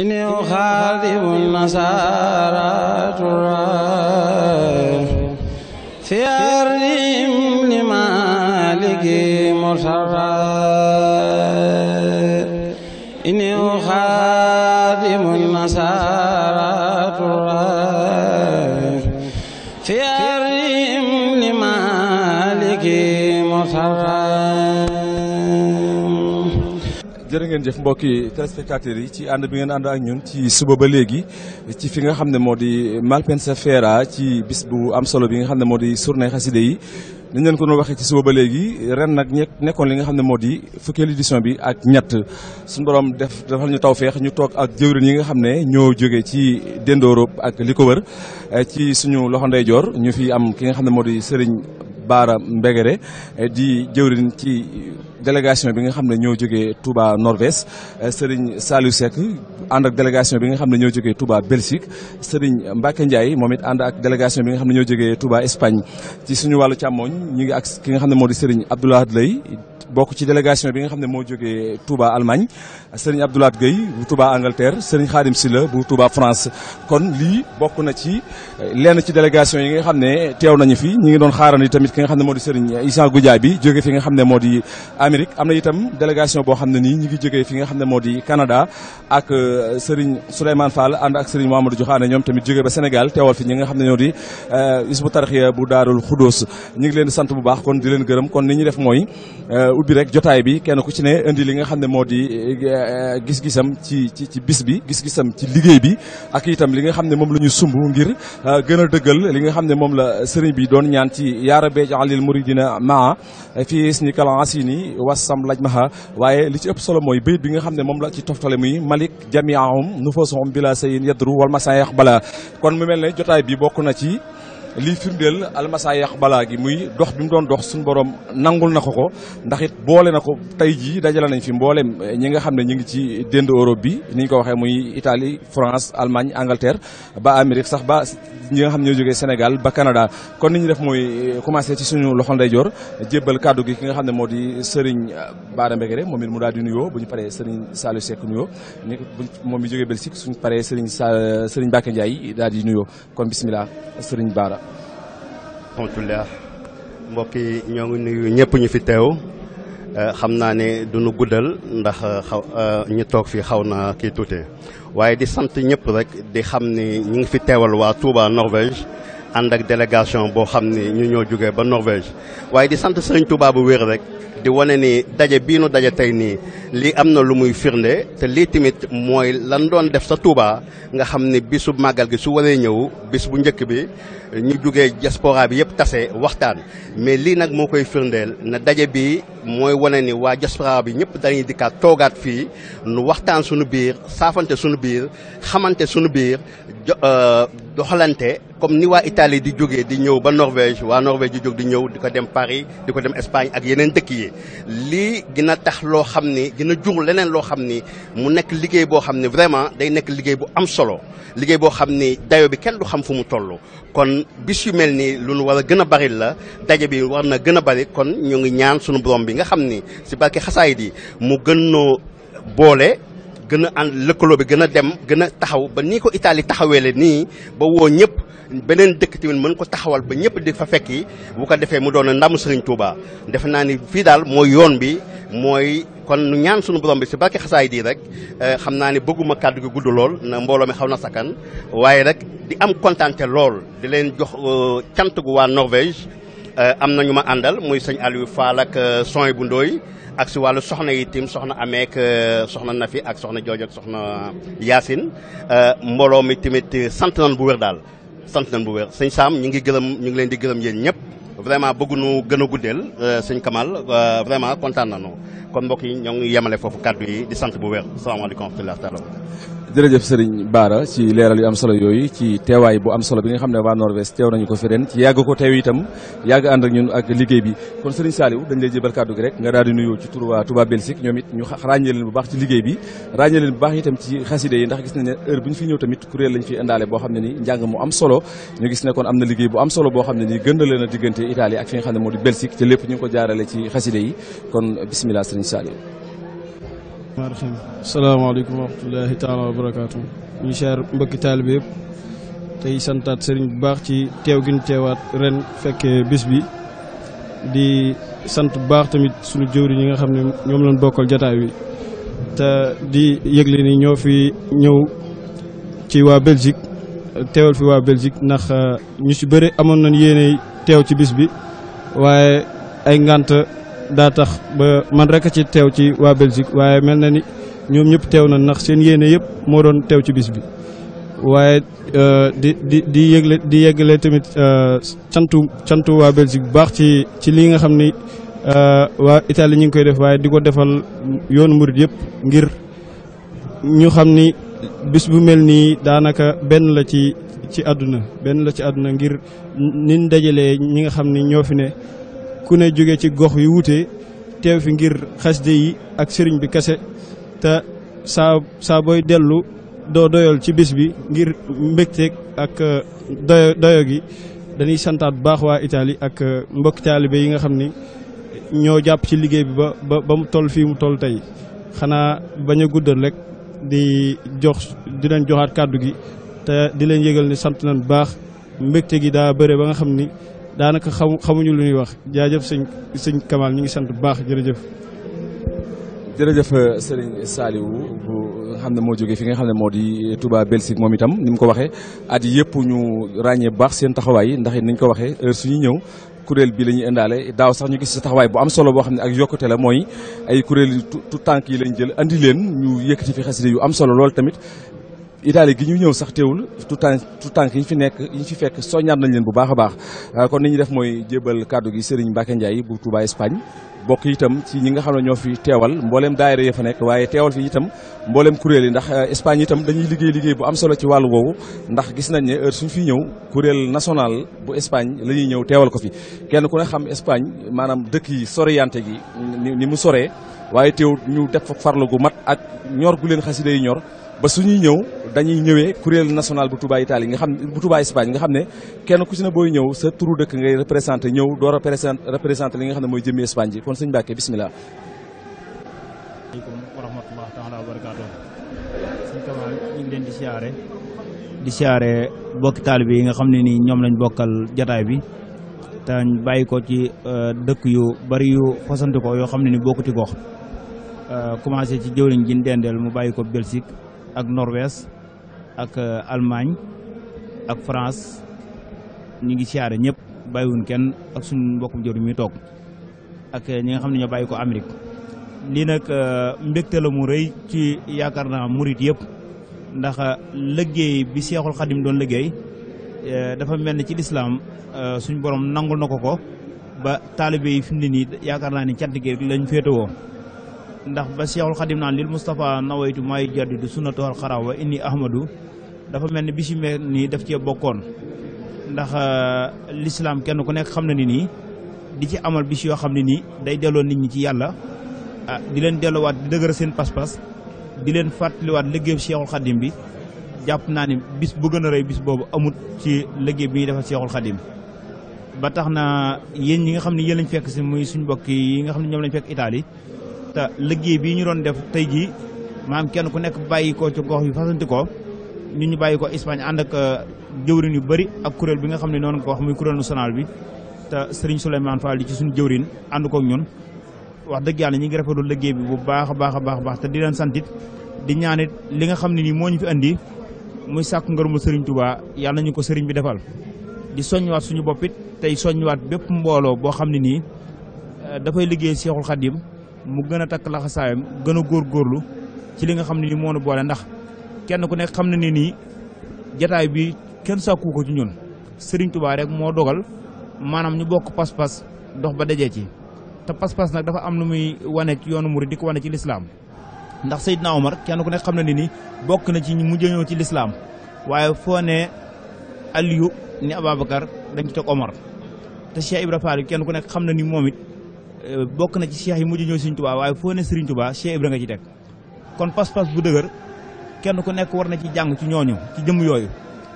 إني أخاذب النصارى ترى في أرضهم لمالك مرتضى إني ngeen jëf mbokk yi téléspectateurs yi ci ànd bi ngeen ànd ak ñun ci suba ba léegi ci fi nga xam ne moo di Malpensa a ci bis bu am solo bi nga xam ne moo di journée xaside yi ni leen ko doon waxee ci suba ba léegi ren nag nekkoon li nga xam ne moo di fukkeelu édition bi ak ñett suñu borom def defal ñu taw tawfeex ñu toog ak jëwrin yi nga xam ne ñoo jógee ci Dendorop ak li ko wër eh, ci suñu loxo ndeyjoor ñu fi am ki nga xam ne moo di Serigne Baara Mbegere eh, di jëwrin ci délégation bi nga xam ne ñoo jógee Touba Norvège euh, Serigne Saliou Seck ànd ak délégation bi nga xam ne ñoo jógee Touba Belgique Serigne Mbacke Ndiaye moom it ànd ak délégation bi nga xam ne ñoo jógee Touba Espagne ci suñu wàllu càmmooñ ñu ngi ak ki nga xam ne moo di Serigne Abdoulaye Lay bokk ci délégation bi nga xam ne moo jógee Touba Allemagne sëriñ Abdoulaat Gueye bu Touba Angleterre sëriñ Khadim Silla bu Touba France. kon lii bokk na ci eh, lenn ci délégation yi nga xam ne teew nañu fi ñu ngi doon xaarandi tamit ki nga xam ne moo di sëriñ Issa bi jógee fi nga xam ne moo di Amérique am na itam délégation boo xam ne nii ñu ngi jógee fi nga xam ne moo di Canada ak eh, sëriñ Souleymane Fall ànd ak sëriñ Mamadou Diokhane ñoom tamit jógee ba Sénégal teewal fi ñi nga xam ne ñoo di eh, Hizbut Tarqiyyah bu Daarul Khoudoss ñu ngi leen sant bu baax kon di leen gërëm kon ni ñu def mooy ubbi rek jotaay bi kenn ku ci ne indi li nga xam ne moo di eh, eh, gis-gisam ci ci ci bis bi gis-gisam ci liggéey bi ak itam li nga xam ne moom la ñu sumb ngir eh, gën a dëggal li nga xam ne moom la sëriñ bi doon ñaan ci yaara bee jalil muridina maa fii isni kalan asini wasam laj maha waaye li ci ëpp solo mooy bayit bi nga xam ne moom la ci toftale muy malik jamiahum nufaasuhum bila sayin yadru wal masayax bala kon mu mel ne jotaay bi bokk na ci lii firndeel almasa yàq balaa gi muy dox bi mu doon dox suñu borom nangul na ko ko ndax boole na ko tey jii dajale nañ fi mbooleem eh, ñi nga xam ne ñu ngi ci dénd Europe bi ni ñu ko waxee muy Italie France Allemagne Angleterre ba Amérique sax ba ñi nga xam ne ñoo jógee Sénégal ba Canada kon ni ñu def mooy eh, commencé ci suñu loxo ndeyjoor jébbal kàddu gi ki nga xam ne moo di Serigne eh, Bara Mbéguéré moom it mu daal di nuyoo bu ñu paree Serigne Saliou Seck nuyoo moom mi jógee Belgique suñu paree Serigne Serigne Mbacké Ndiaye daal di nuyoo kon Serigne Bara rahmatullah mbokk yi ñoo ngi nuyu ñëpp ñu fi teew eh, xam naa ni du nu guddal ndax eh, xaw eh, ñu toog fi xaw na kii tuute waaye di sant ñëpp rek di xam ni ñu ngi fi teewal waa Touba Norvège ànd ak délégation boo xam ni ñu ñoo jógee ba Norvège waaye di sant Sëriñ Touba bu wér rek di wane ni daje bii nu daje tey nii lii am na lu muy firnde te lii timit mooy lan doon def sa Touba nga xam ni bisu màggal gi su waree ñëw bis bu njëkk bi ñu jugee diaspora bi yëpp tase waxtaan mais lii nag moo koy firndeel na daje bi mooy wane ni waa diaspora bi ñëpp dañuy dikkaat toogaat fii nu waxtaan suñu biir saafante suñu biir xamante suñu biir euh, doxalante comme ni waa itali di jógee di ñëw ba Norvège waa Norvège di jóg di ñëw di ko dem Paris di ko dem Espagne ak yeneen dëkk yi lii gën tax loo xam ni gën a jur leneen loo xam ni mu nekk liggéey boo xam ni vraiment day nekk liggéey bu am solo liggéey boo xam ni dayo bi kenn du xam fu mu toll kon bis yu mel nii lu nu war a gën a bari la daje bi war na gën a bari kon ñu ngi ñaan sunu borom bi nga xam ni si barke xasaayid di mu gën noo boole gën a ànd lëkkaloo bi gën a dem gën a taxaw ba nii ko Italie taxawee la nii ba woo ñëpp beneen dëkk tamit mën ko taxawal ba ñëpp di fa fekki bu ko defee mu doon a ndamu Serigne Touba defe naa ni fii daal mooy yoon bi mooy. kon nu ñaan sunu borom bi si barke xasaay dii rek eh, xam naa ni bëgguma kàddu gi gudd lool na mi xaw na sakkan waaye rek di am kontante lool di leen jox eh, cant gu waa Norvège eh, am na ñu ma àndal muy sëñ Aliou Fall ak son bu ndooy ak si wàllu soxna yi tim soxna ameek soxna Nafi ak soxna Jooj ak soxna Yaasin mbooloo mi sant nañ bu wér daal sant nañ bu wér sëñ Saam ñu ngi gërëm ñu ngi leen di gërëm yéen ñëpp vraiment bëgguñu gën a guddeel sëñ Kamal vraiment kontaan nañu kon mbokk yi ñoo ngi yemale foofu kàddu yi di sant bu wér salaamaaleykum wa rahmatulah taala jërëjëf Serigne Bara ci leeral yu am solo yooyu ci teewaay bu am solo bi nga xam ne waa Norvège teew nañu ko fi ren ci yàgg ko teew itam yàgg ànd ak ñun ak liggéey bi kon Serigne Saliou dañ lay jébal kàddu gi rek nga daal di nuyoo ci turu waa Touba Belgique ñoom it ñu ràññee leen bu baax ci liggéey bi ràññee leen bu baax itam ci xaside yi ndax gis nañ ne heure bu ñu fi ñëw tamit kuréel lañ fi indaale boo xam ne ni njàng mu am solo ñu gis ne kon am bu am solo boo xam ne ni gënd leen a diggante Italie ak fi nga xam ne moo di Belgique te lépp ñu ngi ko ma rahiim salaamaaleykum wa rahmatulahi taala wa barakaatu ñu santaat sëriñ bu baax ci teew gi ñu teewaat ren fekkee bis bi di sant bu baax tamit suñu jëwriñ yi nga xam ne ñoom lañ bokkool jataay wi te di yëgle ni ñoo fi ñëw ci waa Belgique teewal fi waa Belgique ndax euh, ñu ci bëri amoon nañ yéene teew ci bis bi waaye ay ngànt daa tax ba man rek ci teew ci waa Belgique waaye mel na ni ñoom ñëpp teew na ndax seen yéene yëpp moo doon teew ci bis bi. waaye euh, di di di yëgle di yëgle tamit euh, cantu cantu waa Belgique bu baax ci ci lii nga xam ni euh, waa Italie ñu ngi koy def waaye di ko defal yoonu murit yëpp ngir ñu xam ni bis bu mel nii daanaka benn la ci ci àdduna benn la ci àdduna ngir nin dajalee ñi nga xam ni ñoo fi ne. ku ne jóge ci gox yu wutee teew fi ngir xasida yi ak sëriñ bi kase te saa saa dellu doo doyal ci bis bi ngir mbégteeg ak uh, doyo gi dañuy santaat baax waa itali ak uh, mbokki taalibe yi nga xam ni ñoo jàpp ci liggéey bi ba ba ba mu toll fii mu toll tey xanaa bañ a guddal rek di jox di leen joxaat kàddu gi te di leen yëgal ni sant nañ baax mbégte gi daa bëre ba nga xam ni daanaka xamu xamuñu lu ñuy wax jaajëf sëñ sëñ Kamal ñu ngi sant bu baax jërëjëf. jërëjëf euh, Serigne Saliou bu xam ne moo jógee fi nga xam ne moo di Touba Belgique moom itam ni mu ko waxee at yëpp ñu ràññee baax seen taxawaay ndax it ni ñu ko waxee heure suñu ñëw. kuréel bi la indaale daaw sax ñu gis sa taxawaay bu am solo boo xam ne ak yokkute la mooy ay kuréel yu tout tànk yi lañ jël indi leen ñu yëkkati fi xasida yu am solo loolu tamit Italie gi ñu ñëw sax teewul tout temps tout temps yi ñu fi nekk yi ñu fi fekk soññaat nañ leen bu baax a baax euh, kon ni ñuy def mooy jébal kàddu gi Serigne Mbacke Ndiaye bu Touba Espagne bokk itam ci ñi nga xam ne ñoo fi teewal mbooleem daayira yi fa nekk waaye teewal fi itam mbooleem kuréel yi ndax euh, Espagne itam dañuy liggéey liggéey bu am solo ci wàllu woowu ndax gis nañ ne heure suñu fi ñëw kuréel national bu Espagne la ñuy ñëw teewal ko fi kenn ku ne xam Espagne maanaam dëkk yi soriyante gi ni mu soree waaye teew ñu def farlu gu mat ak ñor gu leen xasida yi ñor ba suñuy ñëw dañuy ñëwee kuréel national bu Touba Italie nga xam bu Touba Espagne nga xam ne kenn ku ci ne booy ñëw sa turu dëkk ngay représenté ñëw doo représenté li nga xam ne mooy jëmmi Espagne ji kon sëñ Mbàkke bisimilah. ngi leen di siyaare di siyaare bokki taalibe yi nga xam ne nii ñoom lañ bokkal jataay bi te ñu bàyyi ko ci euh, dëkk yu bari yu fasanti ko yoo xam ne ni bokku ci gox euh, commencé ci jëwriñ ji ñu dendeel mu bàyyi ko Belgique. ak Norvège ak euh, Allemagne ak France ñi ngi siyaare ñëpp bàyyiwun kenn ak suñu mbokkum jëru mi toog ak euh, ñi nga xam ne ñoo bàyyi ko Amérique lii nag euh, mbégte la mu rëy ci yaakaar naa murit yëpp ndax léggéey bi Seexul Xadim doon liggéey dafa mel ni ci lislaam suñu borom nangul na ko ko ba taalibe yi fi nii yaakaar naa ni cant gi lañ féetewoo ndax ba seexul xadim naan lil Moustapha nawaytu maay jaddidu sunnatuwal xaraw wa inni ahmadu dafa mel ni bi si mel nii daf cee bokkoon ndax euh, lislaam kenn ku nekk xam na ni nii di ci amal bis yoo xam ne nii day delloo nit ñi ci yàlla ah di leen delloowaat di dëgër seen pas-pas di leen fàttaliwaat liggéeyu seexul xadim bi jàpp naa ni bis bu gën a rëy bis boobu amut ci liggéey bi ñuy defal seexul xadim ba tax na yéen ñi nga xam ne yéen lañ fekk si muy suñ mbokk yi nga xam ne ñoom lañ fekk Italie te liggéey bii ñu doon def tey jii maam kenn ku nekk bàyyi ko ci gox yu fasanti ko ñu ñu bàyyi ko Espagne ànd ak uh, jëwrin yu bari ak kuréel bi nga xam ne noonu ko wax muy kuréel national bi te Serigne Souleymane Fall ci suñu jëwrin ànd kook ñun wax dëgg yàlla ñu ngi rafetlu liggéey bi bu baax baax a baax te di leen santit di ñaanit li nga xam ne nii moo ñu fi andi muy sàkku ngërëmul Serigne Touba yàlla ñu ko sëriñ bi defal di soññiwaat suñu boppit tey soññiwaat bépp mbooloo boo xam ne nii uh, dafay liggéey Seexul mu gën a takk laxasaayam gën a góor góorlu ci li nga xam ne ni moo nu boole ndax kenn ku nekk xam na ne nii jataay bi kenn sàkku ko ci ñun Serigne Touba rek moo dogal maanaam ñu bokk pas-pas dox ba dajee ci te pas-pas nag dafa am lu muy wane ci yoonu murid di ko wane ci lislaam ndax Seydina Omar kenn ku nekk xam na ne ni bokk na ci mu jëñoo ci lislaam waaye foo ne Aliyu ni Ababacar dañ ci teg Omar te Cheikh Ibra Fall kenn ku nekk xam na ni moom bokk na ci cheikh yi mujj ñëw Serigne Touba waaye foo ne Serigne Touba Cheikh Ibra nga ci teg kon pas-pas bu dëgër kenn ku nekk war na ci jàng ci ñooñu ci jëm yooyu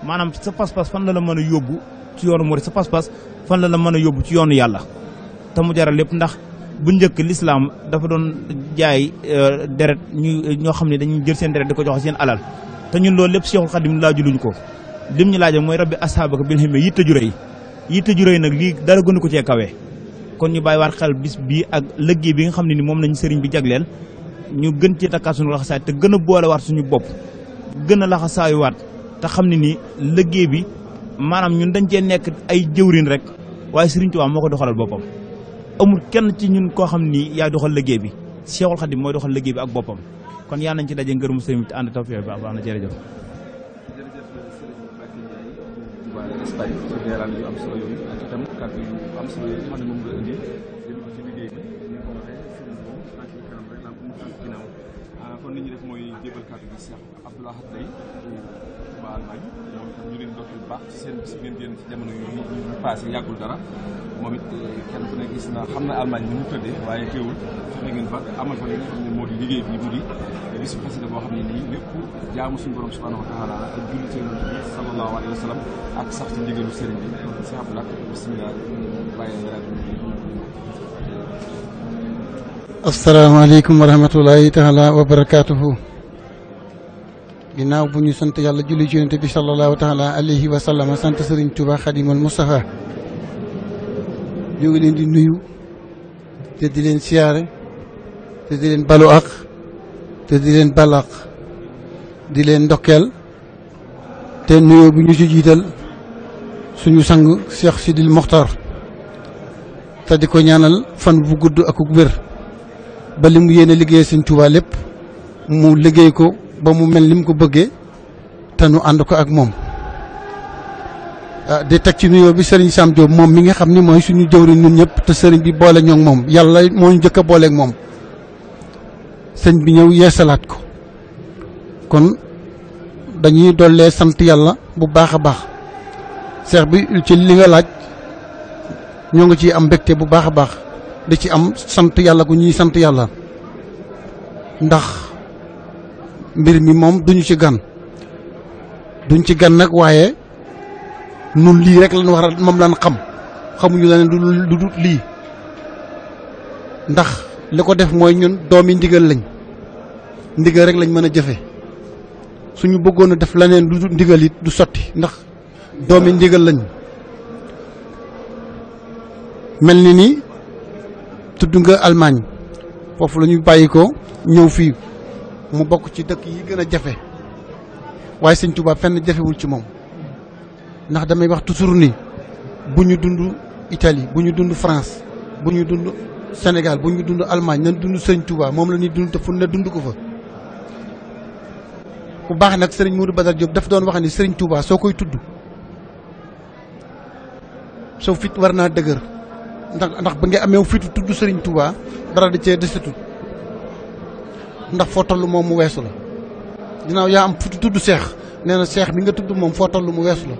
maanaam sa pas-pas fan la la mën a yóbbu ci yoonu murid sa pas-pas fan la la mën a yóbbu ci yoonu yàlla te mu jaral lépp ndax bu njëkk lislaam dafa doon jaay euh, deret ñu ñoo xam ne dañu jël seen deret di ko jox seen alal te ñun loolu lépp Cheikhul Khadim laajuluñ ko lim ñu laajoo mooy rabbi asaabaka bil himma yitte ju rëy yitte ju rëy nag lii dara ko cee kon ñu bàyyi war xel bis bi ak liggéey bi nga xam ne ni moom lañu sëriñ bi jagleel ñu gën ci takkaat suñu laxasaay te gën a boole waat suñu bopp gën a laxasaayu waat te xam ne ni liggéey bi maanaam ñun dañ cee nekk ay jëwrin rek waaye sëriñ Tuubaa moo ko doxalal boppam amul kenn ci ñun koo xam ni yaay doxal liggéey bi Seexul Xadiim mooy doxal liggéey bi ak boppam kon yaa nañ ci daje ngërëmu sëriñ bi te ànd tawfeex bi baax na jërëjëf constat yi ci leeral yu am solo yooyu ak itam kàddu yu am solo yooyu nga xam ne moom la indi jëm ko ci liggéey mu tànk ginnaaw ah, kon li ñu def mooy jébal kàddu bi Cheikh ba Allemagne moom itam ñu leen dokkil baax ci seen bis ngeen génn ci jamono yu ñu passé yàggul dara moom it eh, kenn ku ne gis na xam na Allemagne ni mu tëddee waaye teewul fexe ngeen fa amal fa li nga xam ne moo di liggéey bi guddi bisu xasida boo xam wa barakaatuhu ginnaaw bu ñu sant yàlla julli ci yonent bi sallallahu taala alayhi wa sant sëriñ Touba Xadimul Mustafa ñu leen di nuyu te di leen siyaare te di leen balu ak te di leen balaax di leen ndokkeel te nuyoo bi ñu ci jiital suñu sang Cheikh Sidil Mokhtar te di ko ñaanal fan bu gudd ak wér ba li mu yéene liggéey Sëñ Tuubaa lépp mu liggéey ko ba mu mel lim ko bëggee te nu ànd ko ak moom ah, di teg ci nuyoo bi Serigne Sam Diop moom mi nga xam ni mooy suñu jëwriñ ñun ñëpp te sëriñ bi boole ñoog moom yàlla moo ñu jëkk a booleeg moom sëñ bi ñëw yeesalaat ko kon dañuy dollee sant yàlla bu baax a baax seex bi ci li nga laaj ñoo ngi ciy am mbégte bu baax a baax di ci am sant yàlla ku ñuy sant yàlla ndax mbir mi moom duñu ci gan duñ ci gan nag waaye nun lii rek lañ war moom lañ xam xamuñu leneen du du lii ndax li ko def mooy ñun doom yi ndigal lañ ndigal rek lañ mën a jëfe suñu bëggoon a def leneen lu ndigal it du sotti ndax doom yi ndigal lañ mel ni nii tudd nga Allemagne foofu la ñu bàyyi ko ñëw fii mu bokk ci dëkk yi gën a jafe waaye sëñ Tuubaa fenn jafewul ci moom ndax damay wax toujours ni bu ñu dund Italie bu ñu dund France bu ñu dund Sénégal bu ñu dund Allemagne nañ dund Sëriñ Touba moom la ñuy dund te fu ne dund ko fa. bu baax nag sëriñ Mourou Badar Diop daf doon wax ni Serigne Touba soo koy tudd soo fit war naa dëgër ndax ndax ba nga amee fitu tudd Serigne Touba dara da cee desatul ndax foo toll moom mu weesu la. dinaaw yaa am fitu tudd seex nee na seex bi nga tudd moom foo toll mu weesu la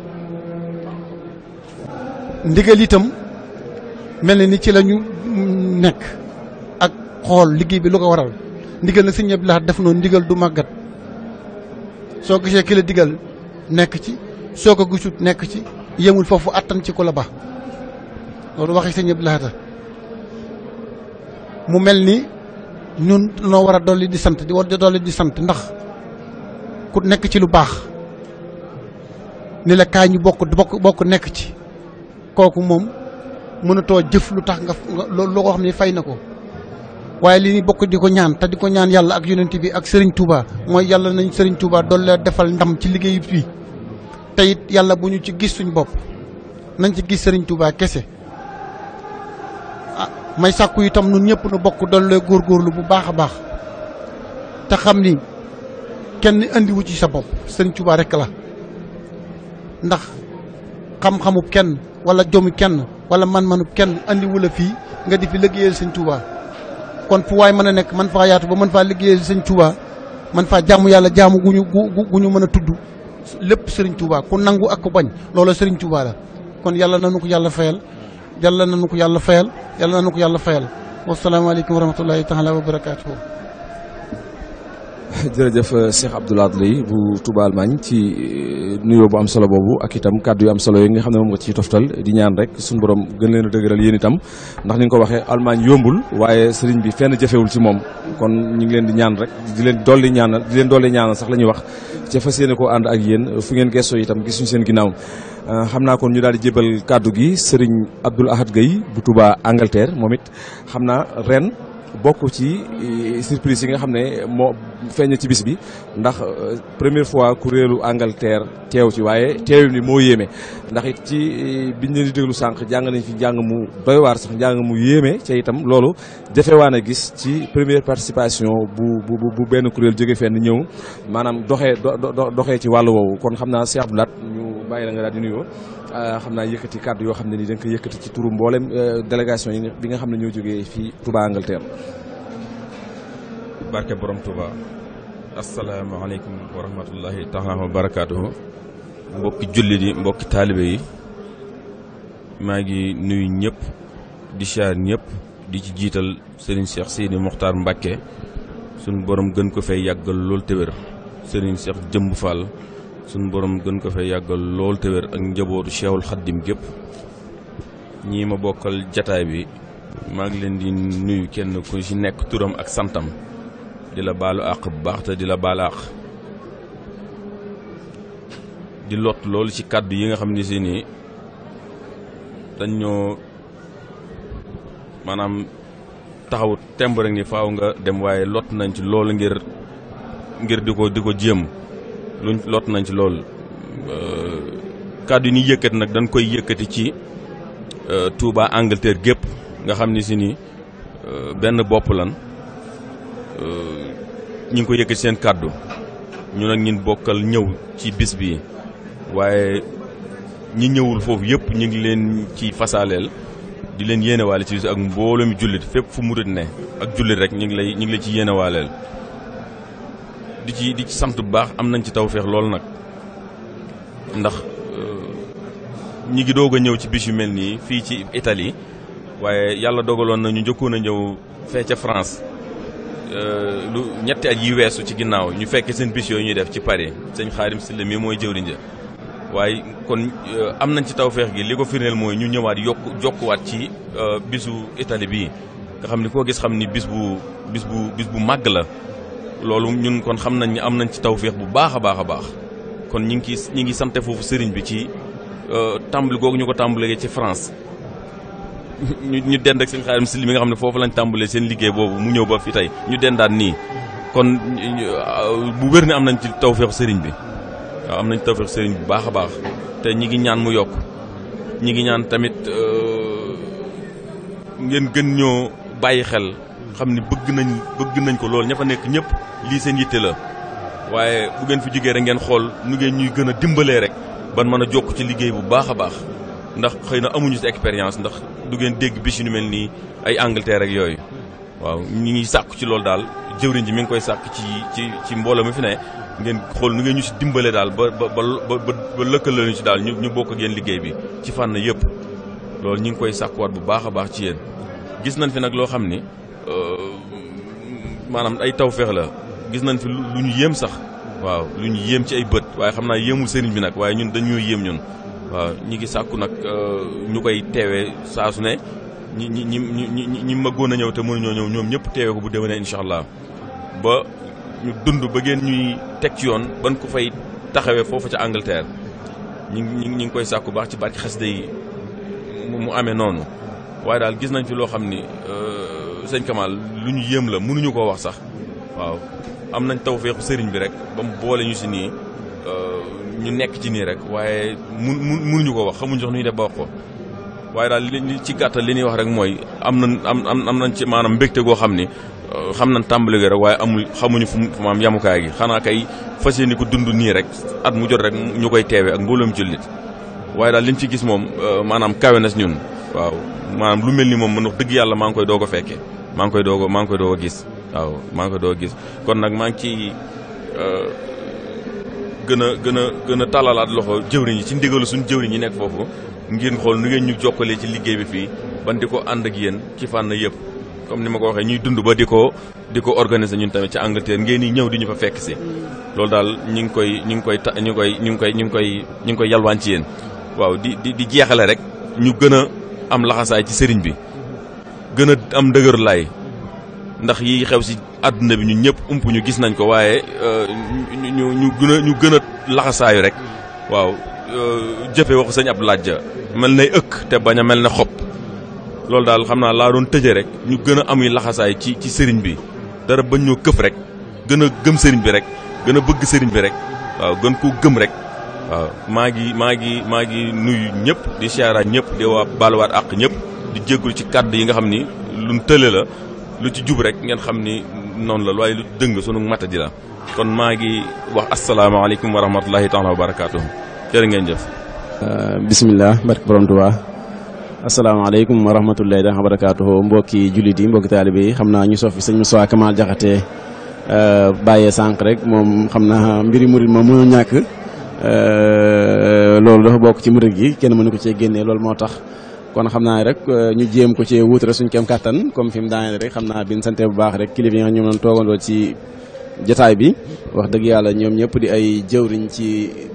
ndigal itam mel na ni ci lañu nekk ak xool liggéey bi lu ko waral ndigal na sëñ Abdou Lahad def noonu ndigal du màggat soo gisee ki la digal nekk ci soo ko gisut nekk ci yemul foofu àttan ci ku la ba loolu waxi sëñ Abdou mu mel ni ñun noo war a dolli di sant di war a dolli di sant ndax ku nekk ci lu baax ni la kaay ñu bokk bokk nekk ci kooku moom mënatoo jëf lu tax nga loo ko xam ne fay na ko waaye li ñu bokk di ko ñaan te di ko ñaan yàlla ak yonent bi ak sëriñ Touba mooy yàlla nañ Serigne Touba doon la defal ndam ci liggéey bi te yàlla bu ñu ci gis suñ bopp nañ ci gis sëriñ Touba kese. Ah, may sàkku itam ñun ñëpp nu bokk doon lay góorgóorlu bu baax a baax te xam ni kenn indiwu ci sa bopp Serigne Touba rekk la ndax xam-xamu kenn wala jomi kenn. wala man-manu kenn andi wula fii nga di fi liggéeyal sëñ Touba kon fu waay mën a nekk man faa yaatu ba mën faa liggéeyal sëñ Touba man faa jaamu yàlla jaamu gu ñu gu ñu mën a tudd lépp sëriñ Touba ku nangu ak ku bañ loolu sëriñ Touba la kon yàlla nanu ko yàlla fayal yàlla nanu ko yàlla fayal yàlla nanu ko yàlla fayal wasalaamaaleykum wa rahmatullahi taala wa barakaatuhu jërëjëf euh, Cheikh Abdou Lahad Leye bu Touba Allemagne ci euh, nuyoo bu am solo boobu ak itam kàddu yu am solo yi nga xam ne moom nga ciy toftal di ñaan rek suñ borom gën leen a dëgëral yéen itam ndax ni nga ko waxee Allemagne yombul waaye sëriñ bi fenn jafewul ci moom kon ñu ngi leen di ñaan rek di leen dolli ñaanal di leen dolli ñaanal sax la ñuy wax ca fas yéene koo ànd ak yéen fu ngeen gëstoo itam gisuñu seen ginnaaw euh, xam naa kon ñu daal di jébal kàddu gi sëriñ Abdoul Ahad Gueye bu Touba Angleterre moom it xam naa ren bokk ci euh, surprise yi nga xam ne moo feeñ ci bis bi ndax euh, première fois kuréelu Angleterre teew ci waaye teew ni moo yéeme ndax it ci euh, biñ leen di sànq jàng nañ fi njàng mu doy waar sax njàng mu yéeme ca itam loolu jafewaan a gis ci première participation bu bu bu benn kuréel jóge fenn ñëw maanaam doxee doxe ci wàllu woowu kon xam naa Cheikh Abdou ñu bàyyi la nga daal di nuyoo Euh, xam naa yëkkati kàddu yoo xam ne nii da nga yëkkati ci turu mboolem euh, délégation yi bi nga xam ne ñoo jógee fii Touba Angleterre. barke borom Touba. asalaamaaleykum wa rahmatullahi taala wa barakaatuhu. mbokki jullit yi mbokki taalibe yi maa ngi nuyu ñëpp di siyaar ñëpp di ci jiital Serigne Cheikh Sidi Mokhtar Mbacke sunu borom gën ko fay yàggal lool te wér Serigne Jëmb Fall. suñ borom gën ko fee yàggal lool te ak njabootu Cheikhul Xaddim gépp ñii ma bokkal jataay bi maa ngi leen di nuyu kenn ku ci nekk turam ak santam di la baalu àq bu baax te di la baalu àq di lot loolu ci kàddu yi nga xam ne si nii dañ ñoo maanaam taxawut temb rek ni faaw nga dem waaye lot nañ ci loolu ngir ngir di ko di ko jéem luñ lot nañ ci lool euh, kàddu yi ñuy yëkkati nag dañ koy yëkkati ci euh, Touba Angleterre gépp nga xam ni si ni euh, benn bopp lan ñu ngi ko yëkkati seen kàddu ñu nag ñun bokkal ñëw ci bis bi waaye ñu ñëwul foofu yëpp ñu ngi leen ci fasaaleel di leen yéenewaale ci bis ak mbooloo mi jullit fépp fu murit ne ak jullit rek ñu ngi lay ñu ngi lay ci yéenewaaleel di ci di ci sant bu baax am nañ ci tawféex loolu nag ndax euh, ñi ngi doog a ñëw ci bis yu mel nii fii ci itali waaye yàlla dogaloon na ñu njëkkoon a ñëw fee ca France euh, lu ñetti at yi weesu ci ginnaaw ñu fekk seen bis yooyu ñuy def ci Paris sëñ Xaarim Silla mii mooy jëwriñ ja waaye kon euh, am nañ ci tawféex gi li ko firndeel mooy ñu ñëwaat yokk jokkuwaat ci bisu itali bi nga xam ni koo gis xam ni bis bu bis bu bis bu màgg la loolu ñun kon xam nañ ni am nañ ci tawféex bu baax a baax a baax kon ñu ngi ciy ñu ngi sante foofu sëriñ bi ci euh, tàmbali googu ñu ko tàmbalee ci France ñu ñu dend ak seen xaarim si li nga xam ne foofu lañ tàmbalee seen liggéey boobu mu ñëw ba fi tey ñu dendaat nii kon euh, bu wér ni am nañ ci tawféexu sëriñ bi waaw am nañ ci tawféexu sëriñ bu baax a baax te ñi ngi ñaan mu yokk ñi ngi ñaan tamit euh, ngeen gën ñoo bàyyi xel xam ni bëgg nañ bëgg nañ ko lool ña fa nekk ñëpp lii seen yitte la waaye bu ngeen fi jógee rek ngeen xool nu ngeen ñuy gën a dimbalee rek ban mën a jokk ci liggéey bu baax a baax ndax xëy na amuñu si expérience ndax du ngeen dégg bi si ñu mel nii ay Angleterre rek yooyu waaw ñu ngi sàkku ci loolu daal jëwriñ ji mi ngi koy sàkk ci ci ci mbooloo mi fi ne ngeen xool nu ngeen ñu si dimbalee daal ba ba ba ba lëkkaloo ñu ci daal ñu ñu bokk ak liggéey bi ci fànn yëpp loolu ñu ngi koy sàkkuwaat bu baax a baax ci yéen gis nañ fi nag loo xam ni Euh, maanaam ay taw tawféex la gis nañ fi lu ñu yéem sax waaw lu ñu yéem ci ay bët waaye xam naa yéemul sëriñ bi nag waaye ñun dañoo yéem ñun waaw ñi ngi sàkku nag euh, ñu koy teewee saa su ne ñi ñi ñi ñi ñi mëggoon a ñëw te mënuñoo ñëw ñoom ñëpp teewee ko bu déwénee incha allah ba ñu dund ba ngeen ñuy teg ci yoon ban ko fay taxawee foofu ca Angleterre ñi ngi ñi koy sàkku baax ci barki xasida yi mu amee noonu waaye daal gis nañ fi loo xam ni euh, sëñ Kamal lu ñu yéem la mënuñu koo wax sax waaw am nañ taw tawféexu sëriñ bi rek ba mu boole ñu si nii euh, ñu nekk ci nii rek waaye mun mënuñu koo wax xamuñ sax nu ñu def ba wax ko waaye daal li ci gàttal li ñuy wax rek mooy am na am am nañ ci maanaam mbégte goo xam ni euh, xam na tàmbali gi rek waaye amul xamuñu fu maam yamukaay gi xanaa kay fas yéene ku dund nii rek at mu jot rek ñu koy teewee ak mbooloom jullit waaye daal liñ ci gis moom euh, maanaam kawe na ñun. waaw maanaam lu mel ni moom man wax dëgg yàlla maa ngi koy doog a maa ngi koy doog a maa ngi koy doog a gis waaw maa ngi koy doo a gis kon nag maa ngi ci euh, gën a gën a gën a tàllalaat loxo jëwriñ yi ci ndigalu suñu jëwriñ yi nekk foofu ngeen xool nu ngeen ñu jokkalee ci liggéey bi fii ban di ko ànd ak yéen ci fànn yëpp comme ni ma ko waxee ñuy dund ba di ko di ko organiser ñun tamit ci Angleterre ngeen di ñëw di ñu fa fekk si loolu daal ñu ngi koy ñu ngi koy ta ñu ngi koy ñu ngi koy ñu ngi koy ñu ngi koy yalwaan ci yéen am laxasaay ci sëriñ bi gën a am dëgër ndax yi xew si àdduna bi ñu ñëpp ump ñu gis nañ ko waaye euh, ñu ñu gën a ñu gën a laxasaayu rek waaw euh, jëfe waxu sëñ ab laaj mel nay ëkk te bañ a mel na xob loolu daal xam naa laa doon tëje rek ñu gën a amuy laxasaay ci ci sëriñ bi dara bañ ñoo këf rek gën a gëm sëriñ bi rek gën a bëgg sëriñ bi rek waaw gën koo gëm rek waaw maa ngi maa ngi maa ngi nuyu ñëpp di siyaara ñëpp di waa baaluwaat àq ñëpp di jéggul ci kàddu yi nga xam ni luñ tële la lu ci jub rek ngeen xam ni noonu la waaye lu dëng sunu matadi la kon maa ngi wax asalaamaaleykum wa rahmatulahi taala wa barakaatuhu jërë ngeen jëf. Uh, bisimilah barke borom Tuubaa asalaamaaleykum wa rahmatulahi taala wa barakaatuhu mbokki julli yi mbokki taalibe yi xam naa ñu soo fi sëñ Moussa Kamal Jaxate uh, bàyyee sànq rek moom xam naa mbiri murit ma mënul ñàkk. Euh, loolu dafa bokk ci murid gi kenn mënu ko cee génnee loolu moo tax kon xam naa rek euh, ñu jéem ko cee wuut rek suñ kem kàttan comme fi mu daaneel rek xam naa bi ñu sante bu baax rek kilifa yi nga ñoom doon toogandoo ci bi wax dëgg yàlla ñoom ñëpp di ay jëwriñ ci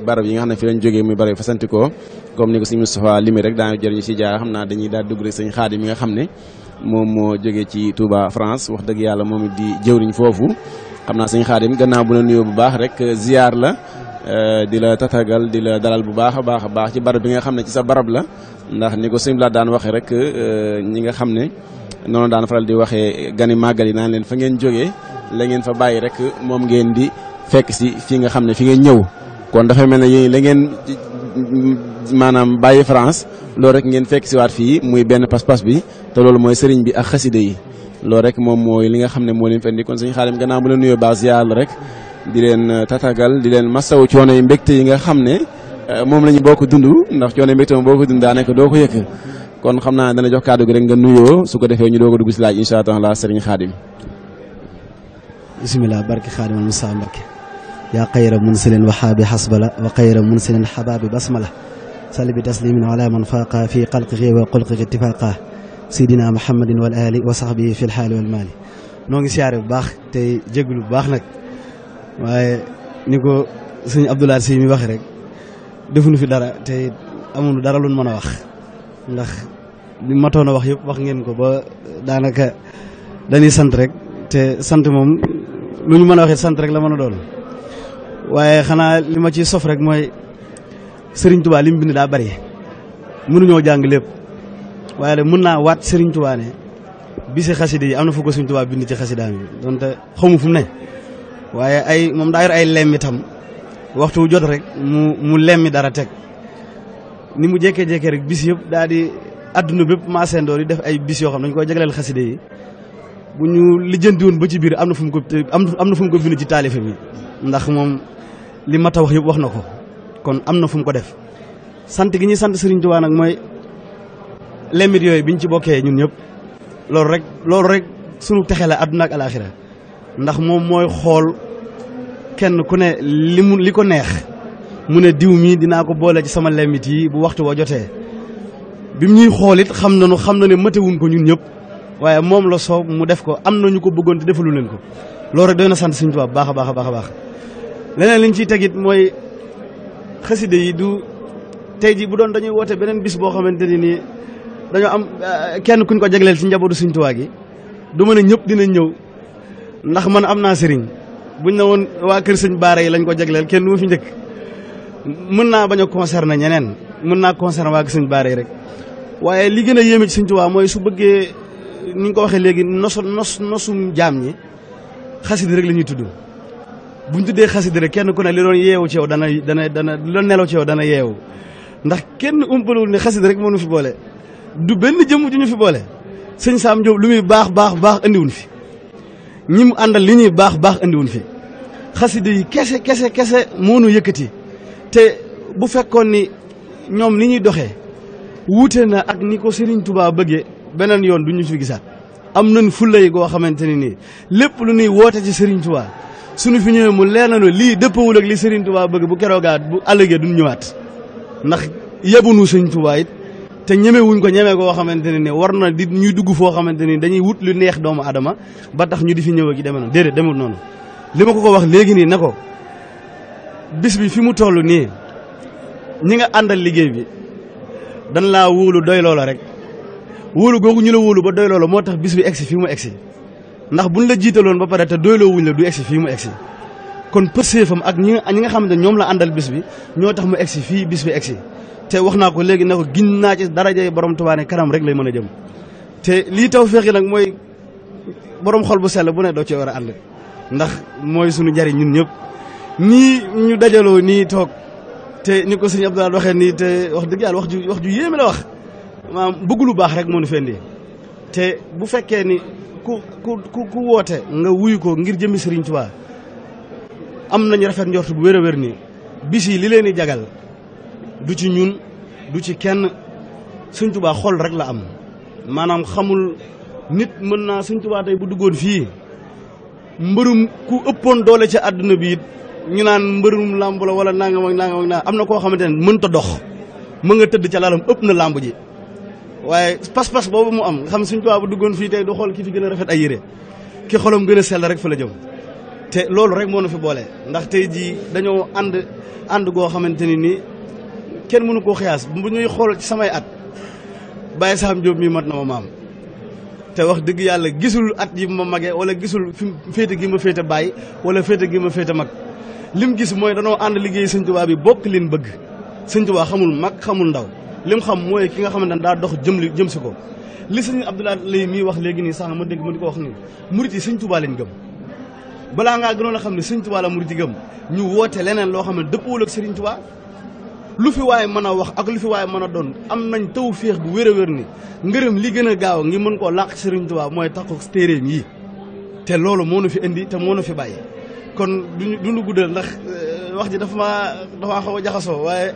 barab yi nga xam ne fi lañ jógee muy barab yi fasantikoo ni ko sëñ Moustapha limi rek daana jëriñu si jaar xam naa dañuy daal dugg rek sëñ mi nga xam ne moom moo jógee ci Touba France wax dëgg yàlla moom di jëwriñ foofu xam naa sëñ Xaadim gannaaw bu la nuyoo bu baax rek ziar la Euh, di la tatagal di la dalal bu baax a baax a baax ci barab bi nga xam ne ci sa barab la ndax ni ko sëñ laa daan waxee rek euh, ñi nga xam ne noonu daan faral di waxee gani màggal yi naan leen fa ngeen jógee la ngeen fa bàyyi rek moom ngeen di fekk si fii nga xam ne fi ngeen ñëw kon dafa mel ne yéen la maanaam bàyyi France loolu rek ngeen fekk si waat fii muy benn pas-pas bi te loolu mooy sëriñ bi ak xaside yi loolu rek moom mooy li nga xam ne moo leen fendi kon sëñ xaalim gannaaw mu la nuyoo baa ziar rek di leen euh, tatagal di leen masaw coono yi mbégte yi nga xam ne euh, moom la ñu boo ko dund ndax coono yi mbégte moom boo ko dund daanaka doo ko yëkk kon xam naa dana jox kàddu gi rek nga nuyoo su ko defee ñu doo ko dugg si laaj incha allah sëriñ xaadim bisimilah barki xaadimal musaa mbakke yaa xayra munsilin waxaabi xasbala wa xayra munsilin xabaabi basmala salli bi taslimin ala man faaqa fi xalqihi wa xulqihi ittifaaqa sidina muhammadin wal ali wa saxbihi fi lxaali wal maali noo ngi siyaare bu baax tey jéglu bu baax nag waaye ni ko sëñ Abdoulaye Sy mi waxee rek defuñu fi dara te amul dara luñ mën a wax ndax li matoon a wax yëpp wax ngeen ko ba daanaka dañuy sant rek te sant moom lu mu mën a waxee sant rek la mën a doon waaye xanaa li ma ciy sof rek mooy sëriñ Touba li mu bind daa bari mënuñoo jàng lépp waaye nag mën naa waat Serigne Touba ne bi si xasida yi am na fu ko Serigne Touba bind ci xasidaam yi donte xamu fu ne waaye ay moom daa yor ay lemmi tam waxtu jot rek mu mu lemmi dara teg ni mu jékkee-jékkee rek bis yëpp daal di adduna bépp maasendoor yi def ay bis yoo xam dañu koy jagleel xaside yi bu ñu lijjanti woon ba ci biir am na fu mu ko am na fu mu ko bind ci taalifa mi ndax moom li mat a wax yëpp wax na ko kon am na fu mu ko def sant gi ñuy sant Serigne Touba nag mooy lemmit yooyu biñ ci bokkee ñun ñëpp loolu rek loolu rek sunu texe la adduna ak alaaxira ndax moom mooy xool kenn ku ne li mu li ko neex mu ne diw mii dinaa ko boole ci sama limit yi bu waxtu wa jotee bi mu ñuy xool it xam nañu xam na ne matewuñ ko ñun ñëpp waaye moom la soob mu def ko am na ñu ko bëggoon te defalu leen ko loolu rek doy na sant Sëñ Tuubaa baax a baax a a baax leneen liñ ci tegit mooy xaside yi du tey ji bu doon dañuy woote beneen bis boo xamante ni nii dañoo am eh, kenn kuñ ko jagleel ci njabootu Sëñ Tuubaa gi du mën a ñëpp dina ñëw ndax man am naa sëriñ buñ na woon waa kër sëñ baara yi lañ ko jagleel kenn du ma fi njëkk mën naa bañ a concerné ñeneen mën naa concerné waa kër sëñ baara rek waaye li gën a yéeme ci sëñ Tuubaa mooy su bëggee ni nga ko waxee léegi nosu nos nosum jaam ñi xasida rek la ñuy tudd buñ tuddee xasida rek kenn ku ne li doon yeewu ci yow dana dana dana nelaw ci dana yeewu ndax kenn umpalewul ne xasida rek moo nu fi boole du benn jëm ju ñu fi boole sëñ Saam Jóob lu muy baax baax baax andiwuñ fi ñi mu àndal li ñuy baax baax andiwuñ fi xasida yi kese kese kese moonu yëkkati te bu fekkoon ni ñoom li ñuy doxee wuute na ak ni ko Serigne Touba bëggee beneen yoon du ñu fi gisaat. am nañ fulla goo xamante ne nii lépp lu ñuy woote ci Serigne Touba suñu fi ñëwee mu leer na lii dëppawul ak li Serigne Touba bëgg bu keroogaat bu àllëgee duñ ñëwaat ndax yebunu Serigne Touba te ñemewuñ ko ñeme koo xamante ne ne war na di ñuy dugg foo xamante ni dañuy wut lu neex doomu adama ba tax ñu di fi ñëw ak yi demee noonu déedéet demul noonu li ma ko ko wax léegi nii ne ko bis bi fi mu toll nii ñi nga àndal liggéey bi dan laa wóolu doy loola rek wóolu googu ñu la wóolu ba doy loola moo tax bis bi egsi fii mu egsi ndax buñ la jiitaloon ba pare te doyloo wuñ la du egsi fii mu egsi kon pëseefam ak ñi ñi nga xam ne ñoom la àndal bis bi ñoo tax mu egsi fii bis bi egsi te wax naa ko léegi ne ko gin naa ci daraja borom Tuubaa ne kanam rek lay mën a jëm te lii taw féexi nag mooy borom xol bu sell bu ne doo ci war a ànd ndax mooy suñu njariñ ñun ñëpp nii ñu dajaloo nii toog te ni ko sëñ Abdoulaye waxee nii te wax dëgg yàlla wax ju wax ju yéeme la wax maanaam bëgg lu baax rek moo ñu fendi te bu fekkee ni ku ku ku woote nga wuyu ko ngir jëmmi Sëriñ Tuubaa am nañu rafet njort bu wér a wér nii bis li leen di jagal du ci ñun du ci kenn sëñ tubaa xol rek la am maanaam xamul nit mën naa sëñ tubaa tey bu duggoon fii mbërum ku ëppoon doole ci àdduna bi it ñu naan mbërum lambu la wala nangam ak nangam ak nangam am na koo xamante ne mënta dox mën nga tëdd ca lalam ëpp na làmb ji waaye pas-pas boobu mu am nga xam sëñ tubaa bu duggoon fii tey du xool ki fi gën a rafet ay yére ki xolam gën a sell rek fa la jëm te loolu rek moo nu fi boole ndax tey jii dañoo xamante ni nii kenn mënu koo xiyaas bu ñuy xool ci samay at Baye Sam Diop mii mat na ma maam te wax dëgg yàlla gisul at yi ma magee wala gisul fi féete gi ma féete bàyyi wala féete gi ma féete mag lim gis mooy danoo ànd liggéey sëñ Tuubaa bi bokk leen bëgg sëñ Tuubaa xamul mag xamul ndaw lim xam mooy ki nga xamante ne daa dox jëm li jëm si ko li sëñ Abdoulaye lay mii wax léegi nii sax ma dégg ma di ko wax nii murit yi sëñ Tuubaa lañ gëm balaa ngaa gënoon a xam ne sëñ Tuubaa la murit yi ñu woote leneen loo xam ne dëppoo ak sëriñ Tuubaa lu fi waaye mën a wax ak lu fi waaye mën a doon am nañ taw féex bu wér a wér ni ngërëm li gën a gaaw ngi mën koo làq Serigne Touba mooy takku téeréem yi te loolu moo nu fi indi te moo nu fi bàyyi kon duñu duñu guddal ndax euh, wax ji dafa maa dafa xaw jaxasoo waaye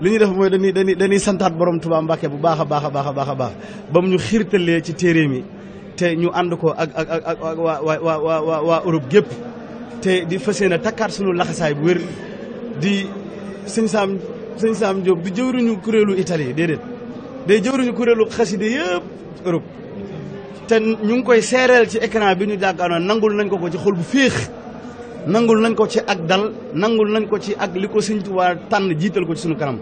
li ñuy def mooy dañuy dañuy dañuy santaat borom Touba Mbacke bu baax a baax a baax a baax a baax ba mu ñu xiirtalee ci téeréem yi te ñu ànd ko ak ak ak ak waa waa waa waa di fas yéene takkaat suñu laxasaay bu wér sëñ Sam Diop du jëwriñu kuréelu itali déedéet day jëwriñu kuréelu xaside yëpp Europe te ñu ngi koy seereel ci écran bi ñu jàkkaarloo nangul nañ ko ko ci xol bu féex nangul nañ ko ci ak dal nangul nañ ko ci ak li ko sëñ Tuubaa tànn jiital ko ci suñu kanam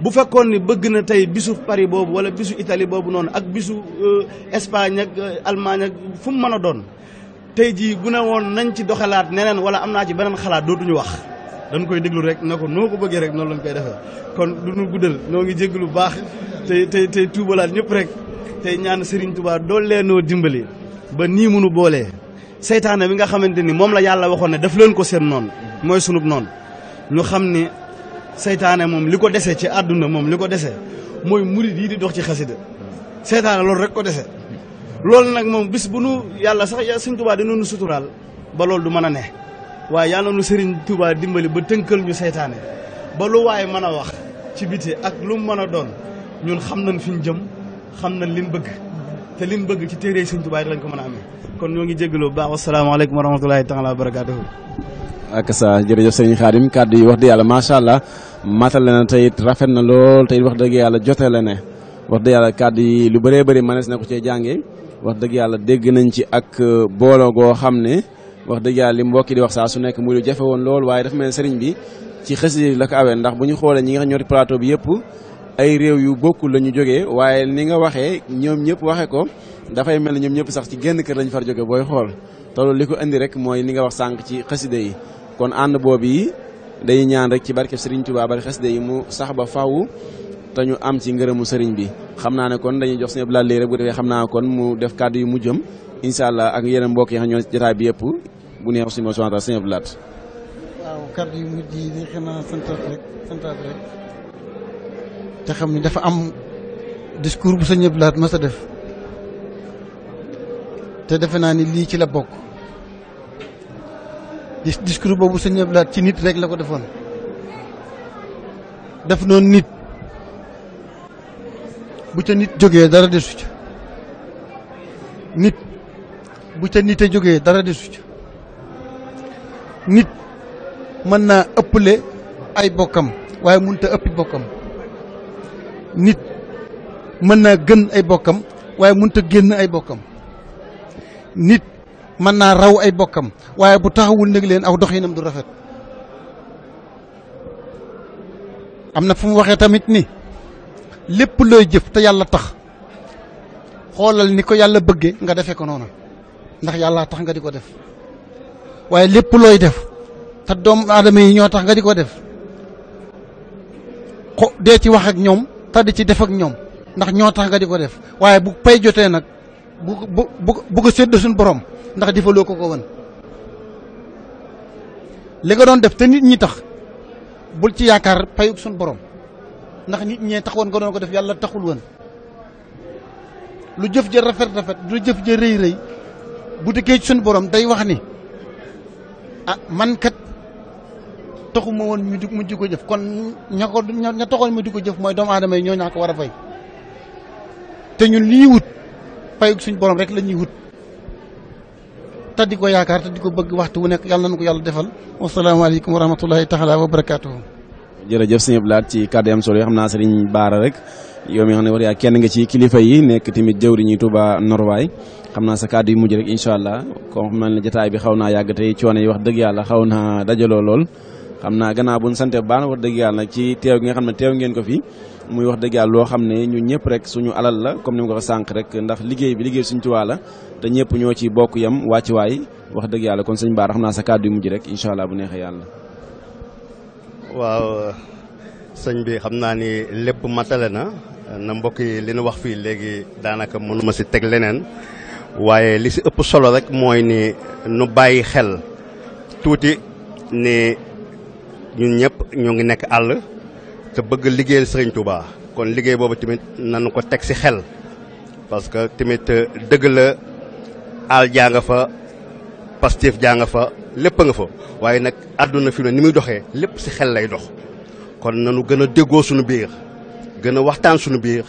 bu fekkoon ni bëgg na tey bisu Paris boobu wala bisu itali boobu noonu ak bisu euh, Espagne ak euh, Allemagne ak fu mu mën a doon tey jii bu ne woon nañ ci doxalaat neneen wala am naa ci beneen xalaat dootuñu wax dañ koy déglu rek na ko noo ko bëggee rek noonu lañ koy defee kon du ñu guddal noo ngi jégg lu baax te tey tey tuubalaat ñëpp rek tey ñaan Serigne Touba dooleel noo dimbali ba nii mu nu boolee seytaane bi nga xamante ni moom la yàlla waxoon ne daf leen ko seen noonu mooy sunub noonu ñu xam ni seytaane moom li ko dese ci àdduna moom li ko dese mooy murid yi di dox ci xaside seytaane loolu rek ko dese loolu nag moom bis bu nu yàlla sax Serigne Touba dinañu suturaal ba loolu du mën a ne waaye yàlla nu Serigne Touba dimbali ba tënkal ñu seytaane ba lu waaye mën a wax ci biti ak lu mën a doon ñun xam nañ fi ñu jëm xam nañ liñ bëgg te liñ bëgg ci téere Serigne Touba lañ ko mën a amee kon ñoo ngi jégg bu baax wasalaamaaleykum wa rahmatulahi taala wa barakaatuhu ak sa jërëjëf Serigne Khadim kàddu yi wax dëgg yàlla macha allah matal na te it rafet na lool te wax dëgg yàlla jote la ne wax dëgg yàlla kàddu yi lu bëree bëri mënees na ko cee jànge wax dëgg yàlla dégg nañ ci ak booloo goo xam ne wax dëgg li mbokki di wax saa su nekk muy lu jafe woon lool waaye dafa mel ne sëriñ bi ci yi la ko awee ndax bu ñu xoolee ñi nga xam ñoo di plateau yëpp ay réew yu bokkul la ñu jógee waaye ni nga waxee ñoom ñëpp waxee ko dafay mel ne ñoom ñëpp sax ci genn kër lañu far jóge booy xool te li ko indi rek mooy li nga wax sànq ci xasida yi kon ànd boobu yi dañuy ñaan rek ci barke Serigne Touba bari xasida yi mu sax ba faw te ñu am ci ngërëmu Serigne bi xam naa ne kon dañuy jox seen blal léegi rek bu defee xam naa kon mu def kàdd yi mu jëm incha allah ak yeneen mbokk yi xam ñoo jotaay bi yëpp bu neex suñu subhaanahu wa ta'aala laat te xam ni dafa am discours bu sëñ Abdou Lahad mas a def te defe naa ni lii ci la bokk discours boobu sëñ Abdou Lahad ci nit rek la ko defoon def noonu nit bu ca nit jógee dara desu ca nit bu ca nit a jógee dara desu ca nit mën naa ëpple ay bokkam waaye mënut a ëppi bokkam nit mën naa gën ay bokkam waaye mënut a génn ay bokkam nit mën naa raw ay bokkam waaye bu taxawul nag leen aw doxinam du rafet am na fu mu waxee tamit ni lépp looy jëf te yàlla tax xoolal ni ko yàlla bëggee nga defe ko noonu ndax yàlla tax nga di ko def waaye lépp looy def te doomu aadama yi ñoo tax nga di ko def xo dee ci wax ak ñoom te di ci def ak ñoom ndax ñoo tax nga di ko def waaye bu pay jotee nag bu bu bu ko sédd suñu borom ndax di defaloo ko ko woon li nga doon def te nit ñi tax bul ci yaakaar payug suñu borom ndax nit ñee tax woon nga doon ko def yàlla taxul woon lu jëf ja rafet rafet lu jëf ja rëy rëy bu dikkee ci suñu borom day wax ni ah man kat taxu ma woon mu di ko jëf kon ña ko ña taxoon mu di ko jëf mooy doomu aadama yi ñoo ñaa ko war a fay te ñun li ñuy wut payug suñu borom rek la ñuy wut te di ko yaakaar te di ko bëgg waxtu wu nekk yàlla nu ko yàlla defal wasalaamaaleykum wa rahmatullahi taala wa barakaatuhu jërëjëf sëñ Abdou Lahad ci kàddu am solo yoo xam naa sëriñ Baara rek yow mi nga xam ne war yaa kenn nga ci kilifa yi nekk tamit jëwriñu Touba Norwaay xam naa sa kàddu yu mujj rek incha allah comme mel na jotaay bi xaw naa yàgg tey coono yi wax dëgg yàlla xaw naa dajaloo lool xam naa gannaaw bu ñu sante baax na dëgg yàlla ci teew nga xam ne teew ngeen ko fi muy wax dëgg yàlla loo xam ne ñun ñëpp suñu alal la comme ni ma sànq rek ndax liggéey bi liggéey suñu Tuubaa la te ñëpp ñoo ci bokk yam wàcc waay wax dëgg yàlla kon sëñ xam naa sa kàddu yu mujj rek incha allah bu neexee yàlla. waaw sëñ bi xam naa ni lépp matale na na mbokk yi li nu wax fii léegi daanaka mënuma si teg leneen waaye li si ëpp solo rek mooy ni nu bàyyi xel tuuti ni ñu ñëpp ñoo ngi nekk àll te bëgg liggéeyal Serigne Touba kon liggéey boobu tamit nanu ko teg si xel parce que tamit dëgg la àll jaa nga fa pastif jaa nga fa lépp a nga fa waaye nag àdduna fi ni muy doxee lépp si xel lay dox kon nanu gën a déggoo suñu biir gën a waxtaan suñu biir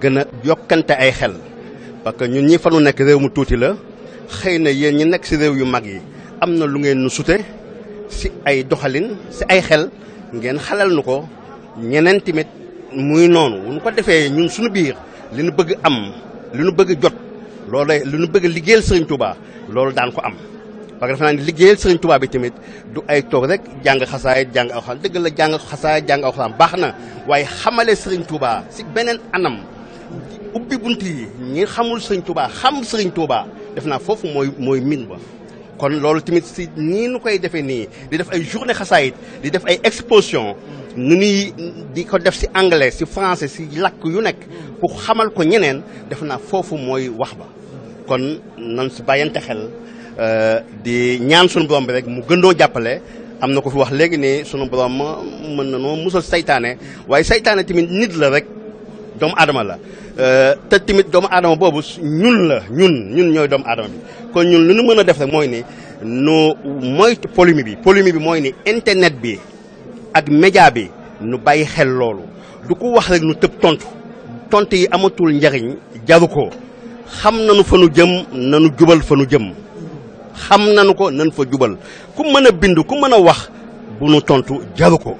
gën a yokkante ay xel parce que ñun ñi fanu nekk réew mu tuuti la xëy na yéen ñi nekk si réew yu mag yi am na lu ngeen nu sute si ay doxalin si ay xel ngeen xalal nu ko ñeneen tamit muy noonu bu ñu ko defee ñun suñu biir li nu bëgg am li nu bëgg jot loolu lu nu bëgg liggéeyal Sëriñ Tuubaa loolu daan ko am parce que defe naa ne liggéeyal sëriñ Tuubaa bi tamit du ay toog rek jàng xasaay jàng alxuraan dëgg la jàng xasaay jàng baax na waaye xamale sëriñ Tuubaa si beneen anam ubbi bunt yi ñi xamul sëriñ Tuubaa xam sëriñ Tuubaa def naa foofu mooy mooy min ba kon loolu tamit si nii nu koy defee nii di def ay journée xasaayit di def ay exposition nu nuy di ko def si anglais si français si lakk yu nekk pour xamal ko ñeneen def naa foofu mooy wax ba kon nan si bàyyante xel Euh, di ñaan suñu borom bi rek mu gëndoo jàppale am na ko fi wax léegi ni sunu borom mën na noo musal seytaane waaye seytaane tamit nit la rek doomu aadama la euh, te tamit doomu aadama boobu ñun la ñun ñun ñooy doomu adama bi kon ñun lu mën a def rek mooy ni nu moytu polémique bi polémique bi mooy ni internet bi ak média bi nu bàyyi xel loolu du ko wax rek nu tëb tontu tontu yi amatul njariñ jaru ko xam nañu fa nu jëm nanu jubal fa nu jëm xam nañu ko nan fa jubal ku mën a bind ku mën a wax bu nu tontu jaru ko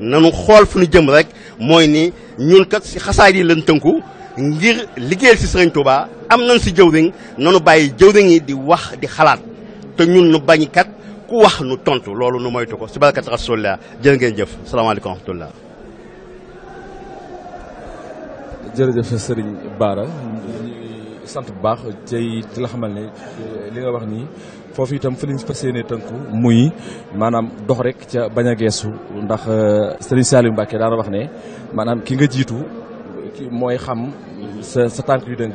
nanu xool fu nu jëm rek mooy ni ñun kat si xasaay yi lañ tënku ngir liggéeyal si Sëriñ Tuubaa am nañ si jëwriñ nanu bàyyi jëwriñ yi di wax di xalaat te ñun nu bañ kat ku wax nu tontu loolu nu moytu ko si barkat rasulillah jërë ngeen jëf salaamaaleykum wa rahmatullah jërëjëf Sëriñ sant bu baax tey di la xamal ne euh, li nga wax nii foofu itam fi lañ fas yéene tënku muy maanaam dox rek ca bañ a geesu ndax euh, Serigne Saliou Mbacke daana wax ne maanaam ki nga jiitu mooy xam sa sa tànk yu dëng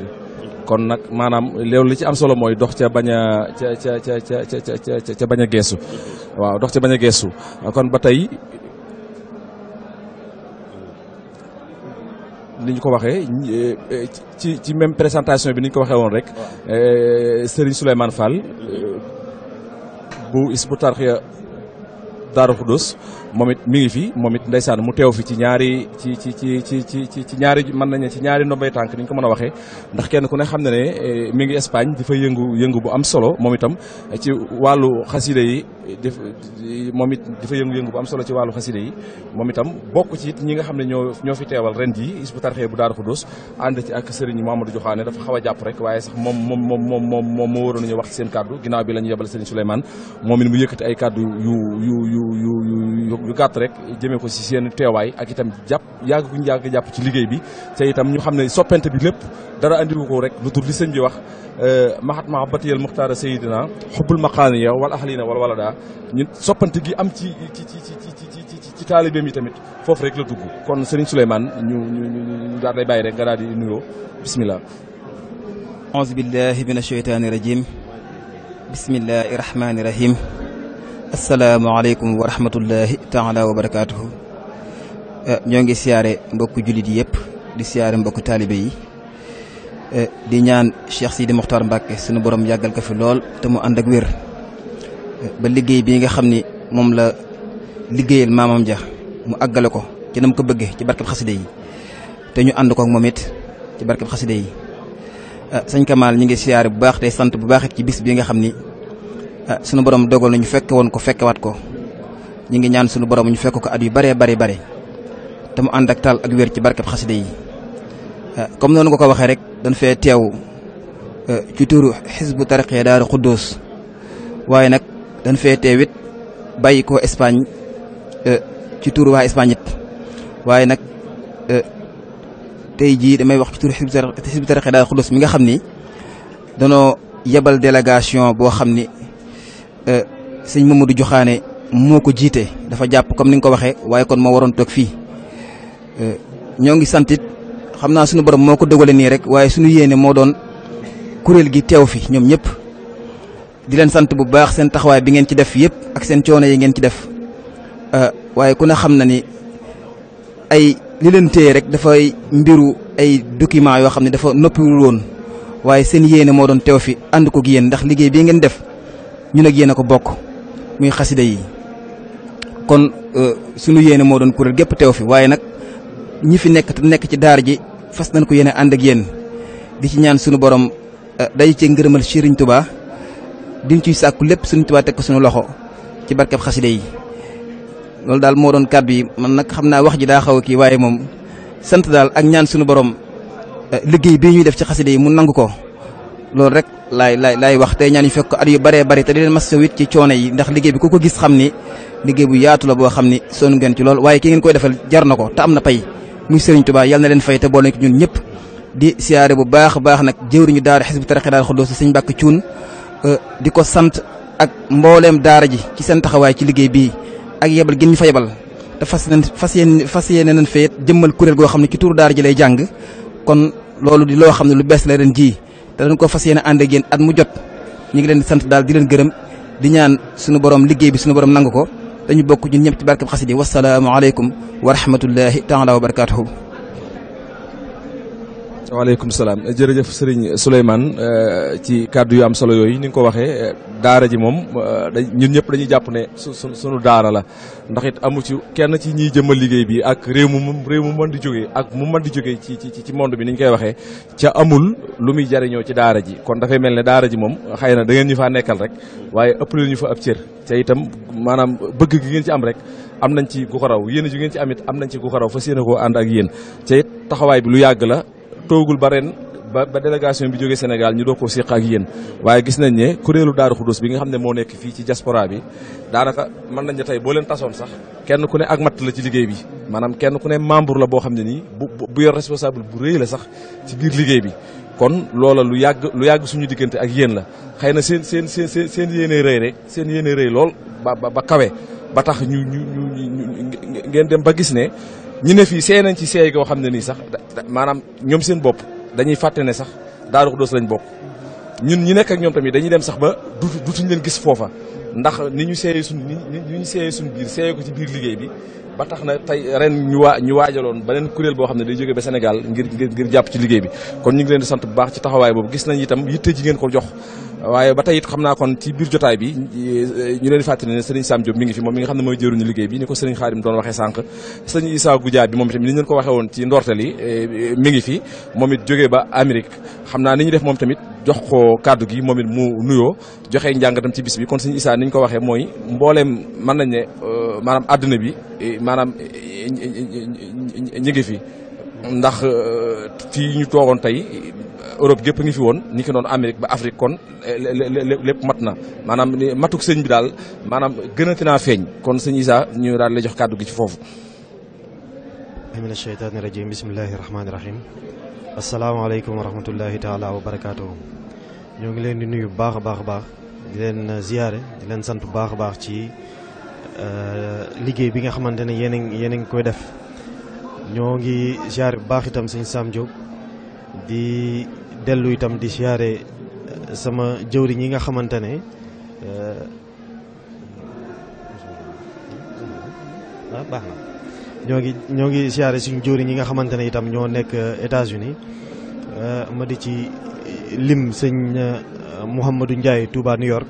kon nag maanaam loolu li ci am solo mooy dox ca bañ a ca ca ca ca ca ca geesu waaw dox ca bañ a geesu kon ba tey ni ñu ko waxee ci ci même présentation bi ni ñu ko waxee woon rek eh, Serigne Souleymane Fall eh, bu Hizbut Tarqiyyah Daaru Khoudoss moom it mi ngi fi moom it ndeysaan mu teew fi ci ñaari ci ci ci ci ci ci ñaari mën nañu ci ñaari ndombay tànk ni ko mën a waxee ndax kenn ku ne xam ne eh, mi ngi Espagne fa yëngu yëngu bu am solo moom itam ci wàllu xasida yi di moom it di fa yëngu-yëngu solo ci wàllu xasida yi moom itam bokk ci it ñi nga xam ne ñoo ñoo fi teewal ren yi Hizbut Tarqiyyah bu Daaru Xudoos ànd ci ak Serigne Mamadou Joxaane dafa xaw a jàpp rek waaye sax moom moom moom moom moom moo waroon ñu wax seen kàddu ginnaaw bi la ñu yebal Serigne Souleymane moom it mu yëkkati ay kàddu yu yu yu yu ñu gàtt rek jëmee ko ci seen teewaay ak itam jàpp yàgg guñ yàgg jàpp ci liggéey bi te itam ñu xam ne soppante bi lépp dara andiwu ko rek lu tur li sëñ bi wax euh, mahat mahabatiyal muxtaara sayidina xubbul maqaaniya wal ahlina wal walada ñun soppante gi am ci ci ci ci taalibeem yi tamit foofu rek la dugg kon sëriñ Souleymane ñu ñu daal lay bàyyi rek nga daal di nuyoo bismillah aouzu billahi min asheytaani rajim bismillahi rahmaani rahim asalaamaaleykum wa rahmatullahi taala wa barakaatuhu eh, ñoo ngi siyaare mbokk jullit yépp di siyaare mbokku taalibe yi eh, di ñaan Cheikh Sidi Mokhtar Mbacke sunu borom yàggal ko fi lool te mu ànd ak wér eh, ba liggéey bi nga xam ni moom la liggéeyal maamam ja mu àggale ko ci nam ko bëggee ci barkeb xaside yi te ñu ànd ko moom it ci barkeb xaside yi sëñ Kamal ñu ngi siyaare bu baax tey sant bu baax ci bis bi nga xam ni Ah, sunu borom dogal nañu fekke woon ko fekkewaat ko ñu ngi ñaan sunu borom ñu fekk ko at yu bëree bëri bëri te mu ànd ak taal ak wér ci barkeb xasida yi ah, comme noonu nga ko waxee rek dañ fee teew ah, ci turu xisbu tarqiya daaru xuddoos waaye nag dañ fee teew it ko Espagne ci turu waa nag tey jii damay wax ci turu mi nga xam ni danoo yebal délégation boo xam ni Euh, sëñ Mamadou Joxaane moo ko jiite dafa jàpp comme ni nga ko waxee waaye kon moo waroon toog fii euh, ñoo ngi santit xam naa suñu borom moo ko dogale nii rek waaye suñu yéene moo doon kuréel gi teew fi ñoom ñëpp di leen sant bu baax seen taxawaay bi ngeen ci def yëpp ak seen coono yi ngeen ci def euh, waaye ku ne xam na ni ay li leen téye rek dafa mbiru ay documents yoo xam ne dafa noppiwul woon waaye seen yéene moo doon tew fi ànd ko gi yéen ndax liggéey bii ngeen def ñun ak yéen ko bokk muy xasida yi kon euh, sunu yéene moo doon kuréel gépp teew fi waaye nag ñi fi nekk te nekk ci daar ji fas nañ ko yéene ànd ak yéen di ci ñaan sunu borom euh, day ci ngërëmal Sëriñ Tuubaa diñ ciy sàkku lépp Sëriñ Tuubaa teg ko sunu loxo ci barkeb xasida yi loolu daal moo doon kàddu bi man nag xam naa wax ji daa xaw a kii waaye moom sant daal ak ñaan sunu borom euh, liggéey bi ñuy def ci xasida yi mu nangu ko loolu rek laay laay laay wax tey ñaan ñu fekk at yu bëree bëri te di leen masawu it ci coono yi ndax liggéey bi ku ko gis xam ni liggéey bu yaatu la boo xam ni sonn ngeen ci lool waaye ki ngeen koy defal jar ko te am na pay muy Serigne Touba yàlla na leen fay te boole ñun ñëpp di siyaare bu baax a baax nag jëwriñu daara xisbu tariqi daal xuddoos Serigne Mbàkke Cuun euh, di ko sant ak mbooleem daara ji ci seen taxawaay ci liggéey bii ak yebal gën ñu fa yebal te fas yéen fas yéen fas yéene nañ fee jëmmal kuréel goo xam ne ci turu daara ji lay jàng kon loolu di loo xam ne lu bees la ren ji te dañ ko fas yéene ànd ak yéen at mu jot ñu ngi leen di sant daal di leen gërëm di ñaan suñu borom liggéey bi suñu borom nangu ko dañu bokk ñun ñëpp ci barkeb xasida yi wasalaamu aleykum wa rahmatullahi taala wa barakatuhu waaleykum salaam jërëjëf Serigne Souleymane euh, ci kàddu yu am solo yooyu ni nga ko waxee euh, daara ji moom euh, ñun ñëpp dañuy jàpp ne su suñu daara la ndax it amu ci kenn ci ñiy jëmmal liggéey bi ak réew mu réew mu mën di jógee ak mu man di jógee ci ci ci monde bi ni ñu koy waxee ca amul lu muy jariñoo ci daara ji kon dafay mel ne daara ji moom xëy na da ngeen ñu faa nekkal rek waaye ëpp leen ñu fa ab cër te itam maanaam bëgg gi ngeen ci am rek am nañ ci gu ko raw yéen ji ngeen ci amit am nañ ci gu ko raw ànd ak yéen te taxawaay bi lu yàgg la toogul ba ren ba ba délégation bi jógee Sénégal ñu doo ko séq ak yéen waaye gis nañ ne kuréelu Daaru Xudus bi nga xam ne moo nekk fii ci jaspora bi daanaka mën nañ ne tey boo leen tasoon sax kenn ku ne ak matt la ci liggéey bi maanaam kenn ku ne membre la boo xam ne nii bu bu yor responsable bu rëy la sax ci biir liggéey bi kon loola lu yàgg lu yàgg suñu diggante ak yéen la xëy na seen seen seen seen seen yéene rëy seen yéene rëy lool ba ba kawe ba tax ñu ñu ñu ngeen dem ba gis ne ñu ne fii seey nañ ci seey goo xam ne nii sax maanaam ñoom seen bopp dañuy fàtte ne sax Daaru Xudoos lañ bokk ñun ñu nekk ak ñoom tamit dañuy dem sax ba dutu dutuñ leen gis foofa ndax ni ñu seeyee suñ ni ñu seeyee suñ biir seeyee ko ci biir liggéey bi ba tax na tey ren ñu waa ñu waajaloon beneen kuréel boo xam ne day jógee ba Sénégal ngir ngir jàpp ci liggéey bi kon ñu ngi leen di sant bu baax ci taxawaay boobu gis nañ itam yitte ji ngeen ko jox waaye ba tey xam naa kon ci biir jotaay bi ñu leen di fàttali ne sëriñ Sam mi ngi fi moom i nga xam ne mooy jëruñu liggéey bi ni ko sëriñ Xaadim doon waxee sànq sëriñ Issa Goudia bi moom itam ni ñu leen ko woon ci ndorteel yi eh, mi ngi fi moom it jógee ba Amérique xam naa ni ñu def moom tamit jox ko kàddu gi moom it mu nuyoo joxe njàngatam ci bis bi kon sëriñ Issa ni ñu ko waxee mooy mbooleem mën nañ ne euh, maanaam àdduna bi eh, maanaam eh, ñi fi ndax euh, fii ñu toogoon tey Europe gépp ngi fi woon ni ki noonu Amérique ba Afrique kon eh, lépp mat na maanaam matuk sëñ bi daal maanaam gënati naa feeñ kon sëñ Issa ñu daal la jox kàddu gi ci foofu mina sheytaani rajim bismillahi rahmaani rahim asalaamaaleykum wa rahmatullahi taala ñoo ngi leen di nuyu baax a baax a baax di leen ziyaare di leen sant baax a baax ci eh, liggéey bi nga xamante ne yéen a yéen a ngi koy def ñoo ngi ziyaare bu baax itam sëñ Sam Diop di dellu itam di siyaare eh, sama jëwriñ yi nga xamante ne eh, ah, baax na ñoo ngi ñoo ngi siyaare suñu jëwriñ yi nga xamante ne itam ñoo nekk eh, États-Unis ma di ci lim sëñ Mouhamadou njaay Touba New York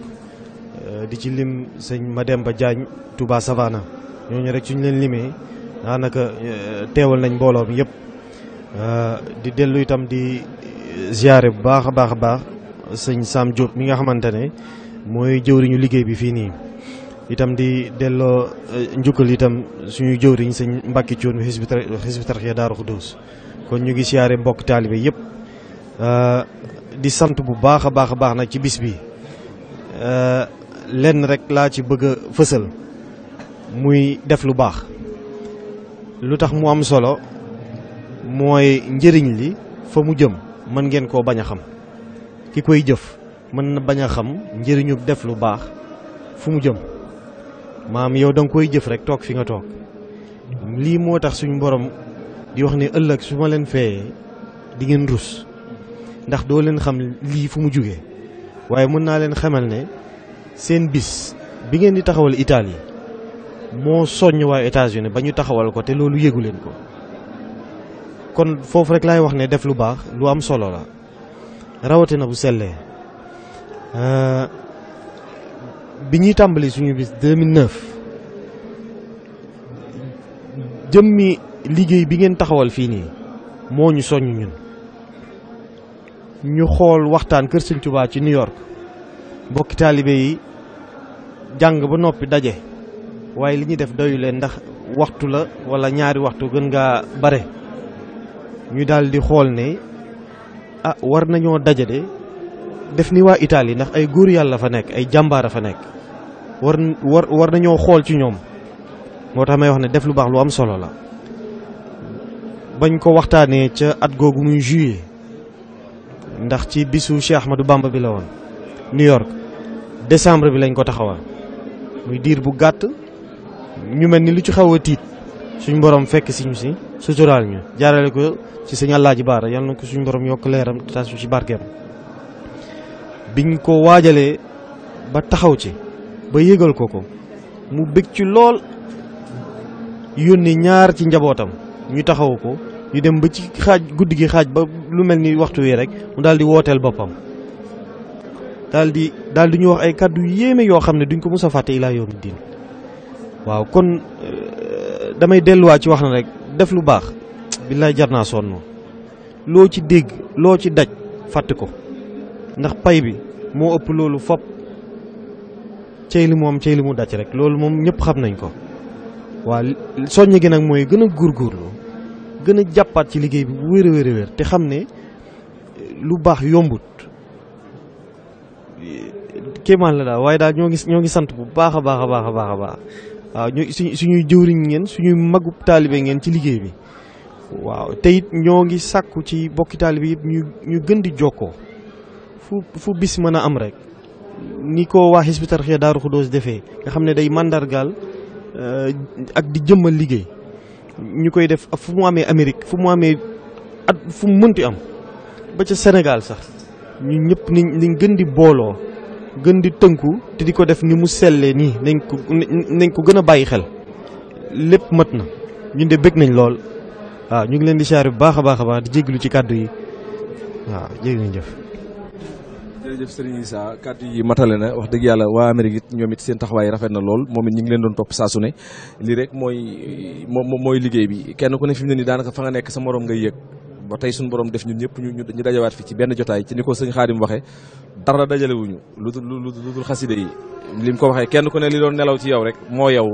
di ci lim sëñ Mademba Diagne Touba Savana ñooñu rek suñu leen limee daanaka teewal nañ mbooloom mi yëpp Euh, di dellu itam di euh, ziare bu baax a baax a baax sëñ Sam Diop mi nga xamante ne mooy jëwriñu liggéey bi fii nii itam di delloo euh, njukkal itam suñu jëwriñ sëñ Mbacke Thion bi Hizbut Tarqiyyah Daaru Xudoos kon ñu ngi siyaare mbokk taalibe yëpp di sant bu baax a baax a baax nag ci bis bi lenn rek laa ci bëgg a fësal muy def lu baax lu tax mu am solo mooy njëriñ li fa mu jëm mën ngeen koo bañ a xam ki koy jëf mën na bañ a xam njëriñu def lu baax fu mu jëm maam yow danga koy jëf rek toog fi nga toog lii moo tax suñu borom di wax ne ëllëg su ma leen feyee di ngeen rus ndax doo leen xam lii fu mu jógee waaye mën naa leen xamal ne seen bis bi ngeen di taxawal yi moo soññ waa États-Unis ba ñu taxawal ko te loolu yëgu leen ko kon foofu rek laay wax ne def lu baax lu am solo la rawatina bu sellee euh, bi ñuy tàmbali suñu bis 2009 jëmmi liggéey bi ngeen taxawal fii nii moo ñu soññ ñun ñu xool waxtaan Kër Sëñ ci New York mbokki taalibe yi jàng ba noppi daje waaye li ñuy def doyu ndax waxtu la walla ñaari waxtu gën ngaa bare ñu daal di xool ne ah war nañoo dajale def ni waa Italie ndax ay góor yàlla fa nekk ay jàmbaara fa nekk war war nañoo xool ci ñoom moo tax may wax ne def lu baax lu am solo la bañ ko waxtaanee ca at googu muy juillet ndax ci bisu Cheikh Ahmadou Bamba bi la woon New York décembre bi lañ ko taxawal muy diir bu gàtt ñu mel ni lu ci xaw a tiit suñ boroom fekk si ñu si suturaal ñu jaarale ko ci sëñ Alaaji Baara yal na ko suñu borom yokk leeram tas ci barkeem biñ ko waajalee ba taxaw ci ba yëgal ko ko mu bég ci lool yónni ñaar ci njabootam ñu taxaw ko ñu dem ba ci xaaj guddi gi xaaj ba lu mel ni waxtu wi rek mu daal di wooteel boppam daal di daal di ñu wax ay kàddu yéeme yoo xam ne duñ ko mës a fàtte ilaa yawmi diin waaw kon euh, damay delluwaat ci wax na rek def lu baax billaay jar naa sonn loo ci dégg loo ci daj fàtte ko ndax pay bi moo ëpp loolu fop cey li moom cey li mu daj rek loolu moom ñëpp xam nañ ko waa soññ gi nag mooy gën a góorgóorlu gën a jàppaat ci liggéey bi bu wér a wér te xam ne lu baax yombut kéemaan la daal waaye daal ñoo ngi ñoo ngi sant bu baax a baax a baax a baax a baax waaw ñu suñu suñuy jëwriñ ngeen suñuy magu taalibe ngeen ci liggéey bi waaw te ñoo ngi sàkku ci bokki taalibe yëpp ñu ñu gën di jokkoo fu fu bis mën a am rek ni ko waa Hizbut Tarqiyyah Daaru Xudoos defee nga xam ne day màndargaal euh, ak di jëmmal liggéey ñu koy def fu mu amee Amérique fu mu amee at fu mu mënti am ba ca Sénégal sax ñu ñëpp ni niñ gën di booloo gën di tënku te di ko def ni mu sellee nii nañ ko nañ ko gëna bàyyi xel lépp mat na ñun de bëgg nañ lool waaw ñu ngi leen di siyaare bu baax baax a baax di jégalu ci kàddu yi waaw jéggi nañ jëf. jërëjëf Serigne wax dëgg yàlla waa Amérique it ñoom it seen taxawaay rafet na lool moom it ñu ngi leen doon topp saa su ne lii rek mooy mooy liggéey bi kenn ku ne fi mu ne nii daanaka fa nga nekk sa moroom ngay yëg. ba tey suñu borom def ñu ñëpp ñu ñu dajawaat fi ci benn jotaay ci ni ko sëñ Xaadim waxee dara dajalewuñu lu dul lu dul xaside yi li mu ko waxee kenn ku ne li doon nelaw ci yow rek moo yow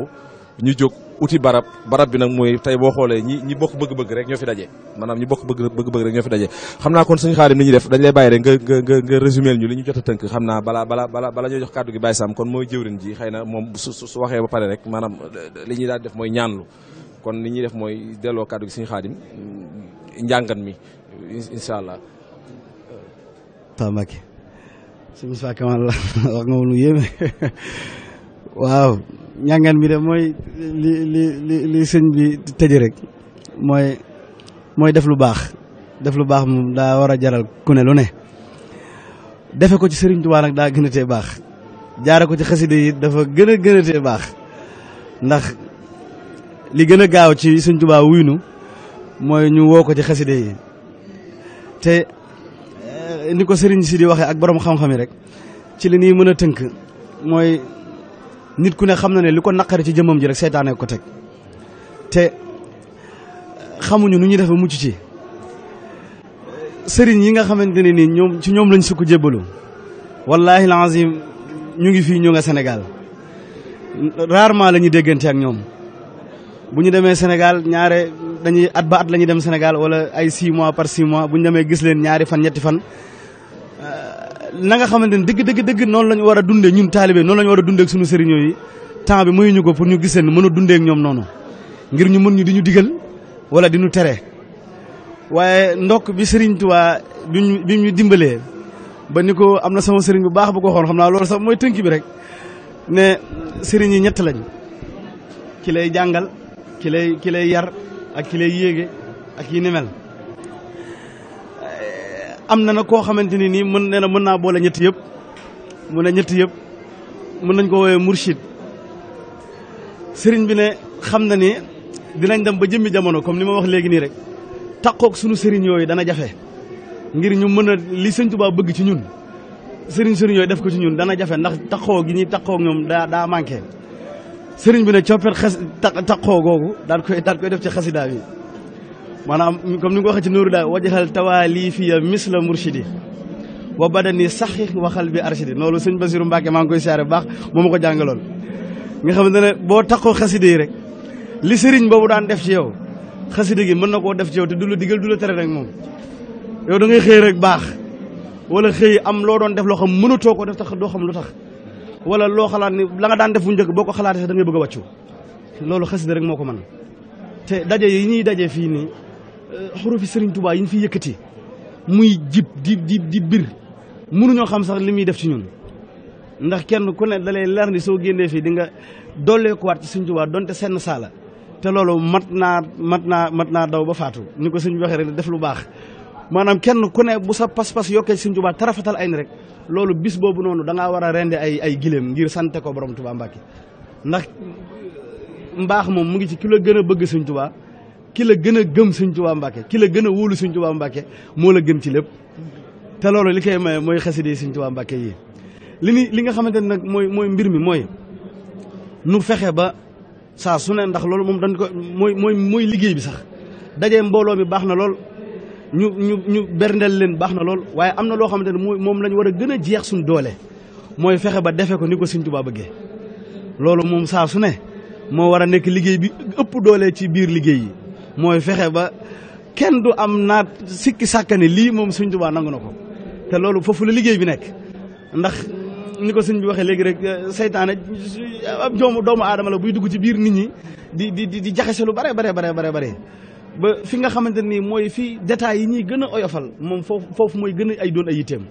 ñu jóg uti barab barab bi nag mooy tey boo xoolee ñi ñi bokk bëgg-bëgg rek ñoo fi daje maanaam ñi bokk bëgg bëgg-bëgg rek ñoo fi daje xam kon sëñ Xaadim li def dañ lay bàyyi rek nga nga nga résumél ñu li ñu jot a tënk xam naa bala bala bala bala ñoo jox kàddu gi Baye Sam kon mooy jëwrin ji xëy na moom su waxee ba pare rek maanaam li ñuy daal def mooy ñaanlu kon li ñuy def mooy delloo kàddu gi sëñ Xaadim njàngat mi incha allah. Paa Mbacké si Moussa Kamal wax nga lu yéeme waaw njàngat mi de mooy li li li li sëñ bi tëjee rek mooy mooy def lu baax def lu baax moom daa war a jaral ku ne lu ne defe ko ci Sëriñ Tuubaa nag daa gën a baax jaare ko ci xasida yi dafa gën a gën a baax ndax li gën a gaaw ci Sëriñ Tuubaa wuynu mooy ñu woo ko ci xaside yi te eh, ni ko sëriñ si di waxee ak borom xam-xam yi rek ci li ñuy mën a tënk mooy nit ku ne xam na ne li ko naqari ci jëmmam ji rek seytaane ko teg te xamuñu nu ñuy def mucc ci sëriñ yi nga xamante ne nii ñoom ci ñoom lañ sukk jébbalu wallaahi lazim ñu ngi fii ñu nga Sénégal rarement la ñuy déggante ak ñoom bu ñu demee Sénégal ñaare dañuy at ba at la ñuy dem Sénégal wala ay 6 mois par 6 mois bu ñu demee gis leen ñaari fan ñetti fan. Euh, na nga xamante ni dëgg dëgg dëgg noonu la ñu war a dundee ñun taalibe noonu la ñu war a dundee ak suñu sëriñoo yi temps bi ñu ko pour ñu gis leen mën a dundee ak ñoom noonu ngir ñu mën ñu di ñu digal wala di ñu tere. waaye ndokk bi sëriñ Tuubaa bi ñu bi ñu dimbalee ba ni ko am na sama sëriñ bu baax bu ko xool xam naa loolu sax mooy tënk bi rek ne sëriñ yi ñett lañ lay jàngal ki lay ki ak ki lay yéege ak yi ni am na na koo xamante ni nii mën ne na mën naa boole ñetti yëpp mu ne yëpp mën nañ ko woowee mursid sëriñ bi ne xam na ni dinañ dem ba jëmmi jamono comme ni ma wax léegi nii rek takkook sunu sëriñ yooyu dana jafe ngir ñu mën a lii sëñ baa bëgg ci ñun sëriñ sëriñ yooyu def ko ci ñun dana jafe ndax takkoo gi ñuy takkoo ñoom daa daa manqué sëriñ bi ne coppet xas taqoo googu daan koy daan koy def ci xasida bi maanaam comme ni nga ko waxee ci nuuru daay wajaxal tawaali fiya misla murshidi wa sax saxi waxal bi arshidi loolu sëñ Basiru Mbàkke maa ngi koy siyaare bu baax moom ma ko jàngaloon nga xamante ne boo taqoo xasida yi rek li sëriñ boobu daan def ci yow xasida gi mën na koo def ci yow te du la digal du la tere rek moom yow da ngay xëy rek baax wala xëy am loo doon def loo xam mënatoo ko def tax doo xam lu tax wala loo xalaat ni la nga daan def bu njëkk boo ko xalaatee sax da ngay bëgg a wàccu loolu xasida rek moo ko mën te daje yi ñuy daje fii nii euh, xurufi Sëriñ Tuubaa yi ñu fi yëkkati muy jib di di di bir mënuñoo xam sax li muy def ci ñun ndax kenn ku ne dalay leer ni soo génnee fii di nga dolleekuwaat ci Sëriñ Tuubaa donte senn saala te loolu mat naa mat naa mat naa daw ba faatu ni ko sëñ bi waxee rek def lu baax maanaam kenn ku ne bu sa pas-pas yokkee Sëriñ Tuubaa tarafatal ay ni rek loolu bis boobu noonu da war a rendi ay ay giléem ngir sante ko borom Tuubaa Mbàkke ndax mbaax moom mu ngi ci kilo gën a bëgg Sëriñ Tuubaa ki la gën a gëm Sëriñ Tuubaa Mbàkke ki la gën a wóolu Sëriñ Tuubaa Mbàkke moo la gën ci lépp te loolu li kay maye mooy xaside Sëriñ Tuubaa Mbàkke yi li ni li nga xamante ne nag mooy mooy mbir mi mooy nu fexe ba saa su ne ndax loolu moom dañ ko mooy mooy liggéey bi sax dajee mbooloo mi baax na lool ñu ñu ñu berndeel leen baax na lool waaye am na loo xamante ne moom lañu war a gën a jeex suñu doole mooy fexe ba defe ko ni ko Sëñ Tuubaa bëggee loolu moom saa su ne moo war a nekk liggéey bi ëpp doole ci biir liggéey yi mooy fexe ba kenn du am naat sikki sàkkani lii moom Sëñ Tuubaa nangu na ko te loolu foofu la liggéey bi nekk ndax ni ko sëñ bi waxee léegi rek euh, seytaane ab joomu doomu aadama la buy dugg ci biir nit ñi di di di jaxase lu bare bare bare bare bare ba fi nga xamante nii mooy fi détails yi ñuy gën a oyofal moom foofu foofu mooy gën ay doon ay yitteem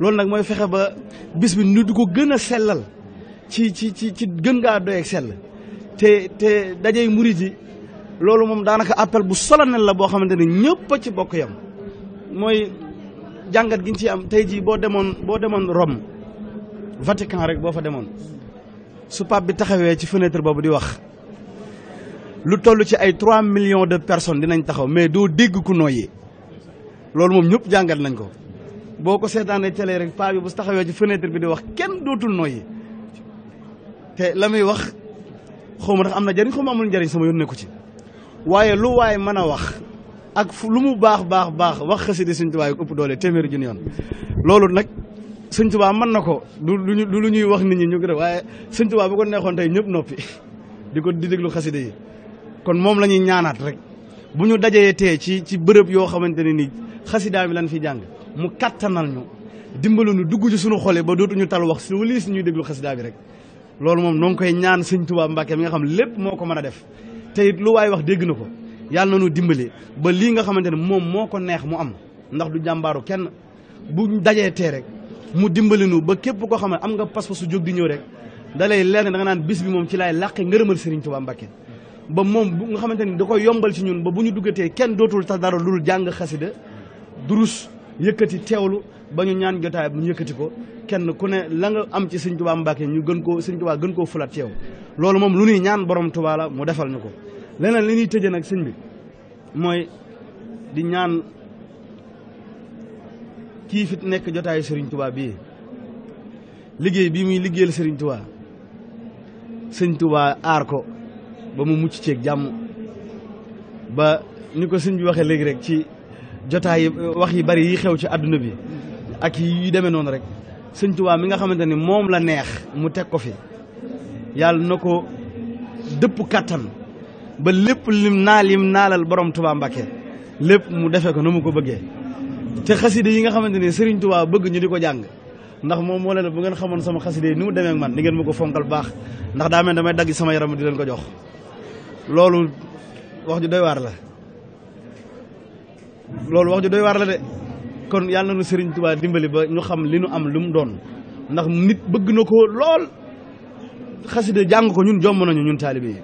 loolu nag mooy fexe ba bis bi nu du ko gën a sellal ci ci ci ci gën gaa doyeeg sell te te dajey murit ji loolu moom daanaka appel bu solennel la boo xamante ne ñëpp a ci bokk yam mooy jàngat gi ñu ci am tey jii boo demoon boo demoon Rome Vatican rek boo fa demoon su pape bi taxawee ci fenêtre boobu di wax lu toll ci ay 3 millions de personnes dinañ taxaw mais doo dégg ku noyyee loolu moom ñëpp jàngat nañ ko boo ko seetaanee télé rek paa bu taxawee ci fenêtre bi di wax kenn dootul noyyee te la muy wax xaw ma ndax am na njëriñ xaw ma amul njëriñ sama yoon nekku ci waaye lu waaye mën a wax ak fu lu mu baax baax baax wax xasida Sëñ Tuubaa yu ëpp doole téeméeri junni yoon loolu nag Sëñ Tuubaa mën na ko du lu ñuy wax nit ñi ñu gën a waaye Sëñ Tuubaa bu ko neexoon tey ñëpp noppi di ko di déglu xasida yi kon moom la ñuy ñaanaat rek bu ñu dajee tee ci ci bërëb yoo xamante ne ni xasidaa bi lañ fi jàng mu kattanal ñu dimbalu ñu dugg ji suñu xole ba dootuñu tal wax si wala si ñuy déglu xasidaa bi rek. loolu moom noo ngi koy ñaan sëñ Tuubaa Mbàkke mi nga xam lépp moo ko mën a def te lu waaye wax dégg na ko yàlla na ñu dimbali ba lii nga xamante ne moom moo ko neex mu am ndax du jàmbaaru kenn bu ñu dajee tee rek mu dimbali nu ba képp koo xam ne am nga pas-pas su jóg di ñëw rek da lay leer naan bis bi moom ci laay làqe ngërëmal sëriñ Tuubaa Mbàkke ba moom bu nga xamante ni da koy yombal ci ñun ba bu ñu duggatee kenn dootul tax dara dul jàng xasida durus yëkkati teewlu ba ñu ñaan jotaay bu ñu yëkkati ko kenn ku ne la am ci sëñ Tuubaa Mbàkke ñu gën koo sëñ Tuubaa gën koo fulaat teew loolu moom lu ñuy ñaan borom Tuubaa la mu defal ñu ko leneen li ñuy tëjee nag sëñ bi mooy di ñaan kii fit nekk jotaayu sëriñ Tuubaa bii liggéey bii muy liggéeyal sëriñ Tuubaa sëñ aar ko ba mu mucc ceeg jàmm ba ni ko sëñ bi waxee léegi rek ci jotaay wax yi bari yi xew ci àdduna bi ak yi demee noonu rek sëñ Tuubaa mi nga xamante ni moom la neex mu teg ko fi yàlla na ko dëpp kàttan ba lépp lim naa lim naalal borom Tuubaa Mbàkke lépp mu defee ko na mu ko bëggee te xaside yi nga xamante ni sëriñ Tuubaa bëgg ñu di ko jàng ndax moom moo leen bu ngeen xamoon sama xaside yi ni mu demee man ni ngeen ma ko fonkal baax ndax daa mel damay dagg sama yaram di leen ko jox loolu wax ju doy waar la loolu wax ju doy waar la de kon yàlla na sëriñ Tuubaa dimbali ba ñu xam li nu am lu mu doon ndax nit bëgg na ko lool xasida jàng ko ñun jomb nañu ñun taalibe yi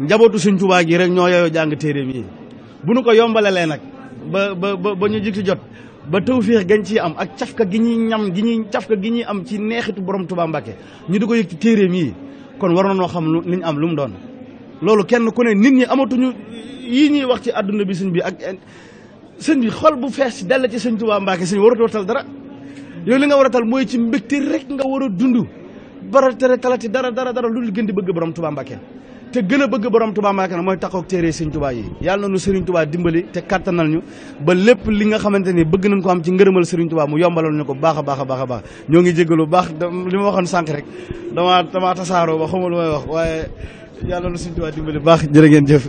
njabootu sëriñ gi rek ñoo yeyoo jàng téeréem yi bu nu ko yombalalee nag ba ba ba ñu jot ba tawféex gañ ciy am ak cafka gi ñuy ñam gi ñuy gi ñuy am ci neexitu borom Tuubaa Mbàkke ñu di ko yëg ci téeréem kon war noo xam liñ am lu mu doon loolu kenn ku ne nit ñi amatuñu yi ñuy wax ci àdduna bi sëñ bi ak sëñ bi xol bu fees dell ci sëñ Tuubaa Mbàkke sëñ waratoo tal dara yow li nga war a tal mooy ci mbégte rek nga war a dund bara tere talati dara dara dara lu gën di bëgg borom Tuubaa Mbàkke te gën a bëgg borom Tuubaa Mbàkke nag mooy taxaw téere sëñ Tuubaa yi yàlla na nu sëriñ Tuubaa dimbali te kattanal ñu ba lépp li nga xamante ni bëgg nañ ko am ci ngërëmal sëriñ Tuubaa mu yombalal ñu ko baax a baax a baax a baax ñoo ngi jégalu baax li ma waxoon sànq rek dama dama tasaaroo ba xamul may yàlla na suñu tubaab dimbali baax jërë ngeen jëf.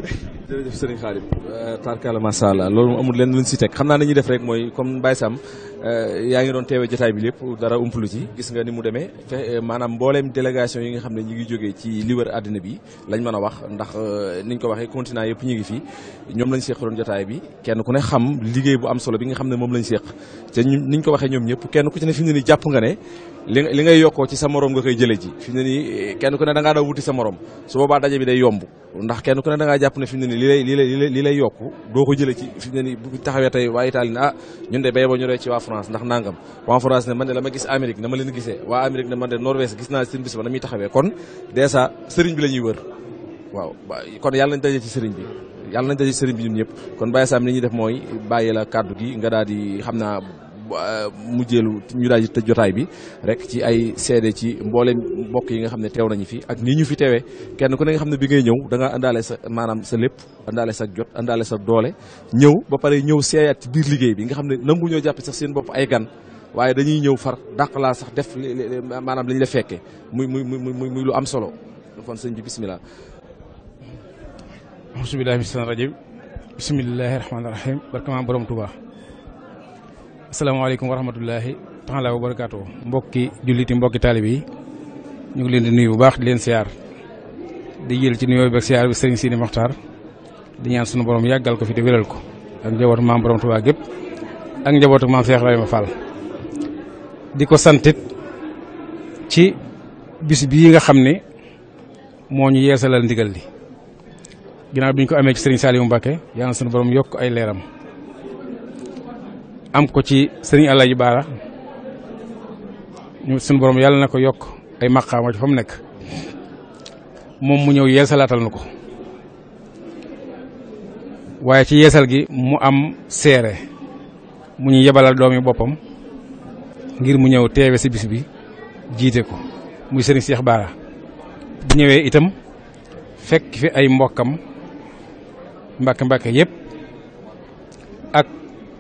jërëjëf Serigne Khadim. Euh, Tarkala macha allah loolu amul lenn luñ si teg xam naa nañuy def rek mooy comme Baye Sam Euh, yaa ngi doon teewee jotaay bi lépp dara umpalu ci gis nga ni mu demee euh, maanaam mbooleem délégation yi nga xam ne ñi ngi jógee ci li wër àddina bi lañ mën a wax ndax euh, niñ ko waxee continent yëpp ñu ngi fi ñoom lañ seqaloon jotaay bi kenn ku ne xam liggéey bu am bi nga xam ne moom lañ seq te niñ ko waxee ñoom ñëpp kenn ku ci ne fi mu ne nii jàpp nga ne li ngay yokkoo ci sa morom nga koy jëlee ji fi ne nii eh, kenn ku ne da ngaa daw wuti sa morom su boobaa daje bi day yomb ndax kenn ku ne da ngaa jàpp ne fi mu ne nii li lay li doo ko jëlee ci fi mu ne nii bu taxawee tey ah, waa Italie France ndax nangam waa France ne man de la ma gis Amérique na ma leen gisee waa Amérique ne man de Norvège gis naa seen bis ba na muy taxawee kon dèjà sëriñ bi la wër waaw kon yàlla nañ dajee ci sëriñ bi yàlla nañ dajee ci sëriñ bi ñun ñëpp kon Baye Sam li ñuy def mooy bàyyi la kàddu gi nga daal xam naa Euh, mujjeelu ñu daal di jotaay bi rek ci ay seede ci mboole mbokk yi nga xam ne tew nañu fi ak nii ñu fi teewee kenn ku ne nga xam ne bi ngay ñëw da nga àndaale sa maanaam sa lépp àndaale sa jot àndaale sa doole ñëw ba pare ñëw seeyaat ci biir liggéey bi nga xam ne nangu ñoo jàppe sax seen bopp ay gan waaye dañuy ñëw far dàq laa sax def maanaam li la fekkee muy muy muy muy lu am solo kon sëñ bi bisimilah. bisimilah. bisimilah rahmaani rahim barkama borom Tuubaa asalaamaaleykum wa rahmatullahi taala wa barakaatu mbokki julliti mbokki taalib yi ñu ngi leen di nuyu bu baax di leen siyaar di jël ci nuyoo bi ak siyaar bi sëriñ Sidi Mokhtar di ñaan sunu borom yàggal ko fi di wéral ko ak njabootu maam borom Tuubaa gépp ak njabootu maam Cheikh Ibrahima Fall di ko santit ci bis yi nga xam ni moo ñu yeesalal ndigal li ginnaaw bi ñu ko amee ci sëriñ Saliou Mbacke yàlla sunu borom yokk ay leeram am ko ci sëriñ Alaaji Baara ñu suñu borom yàlla na ko yokk ay maqaama ci fa mu nekk moom mu ñëw yeesalaatal na ko waaye ci yeesal gi mu am seere mu ñu yebalal doomi boppam ngir mu ñëw teewe si bis bi jiite ko muy sëriñ Cheikh Baara bu ñëwee itam fekk fi ay mbokkam mbàkke mbàkke yépp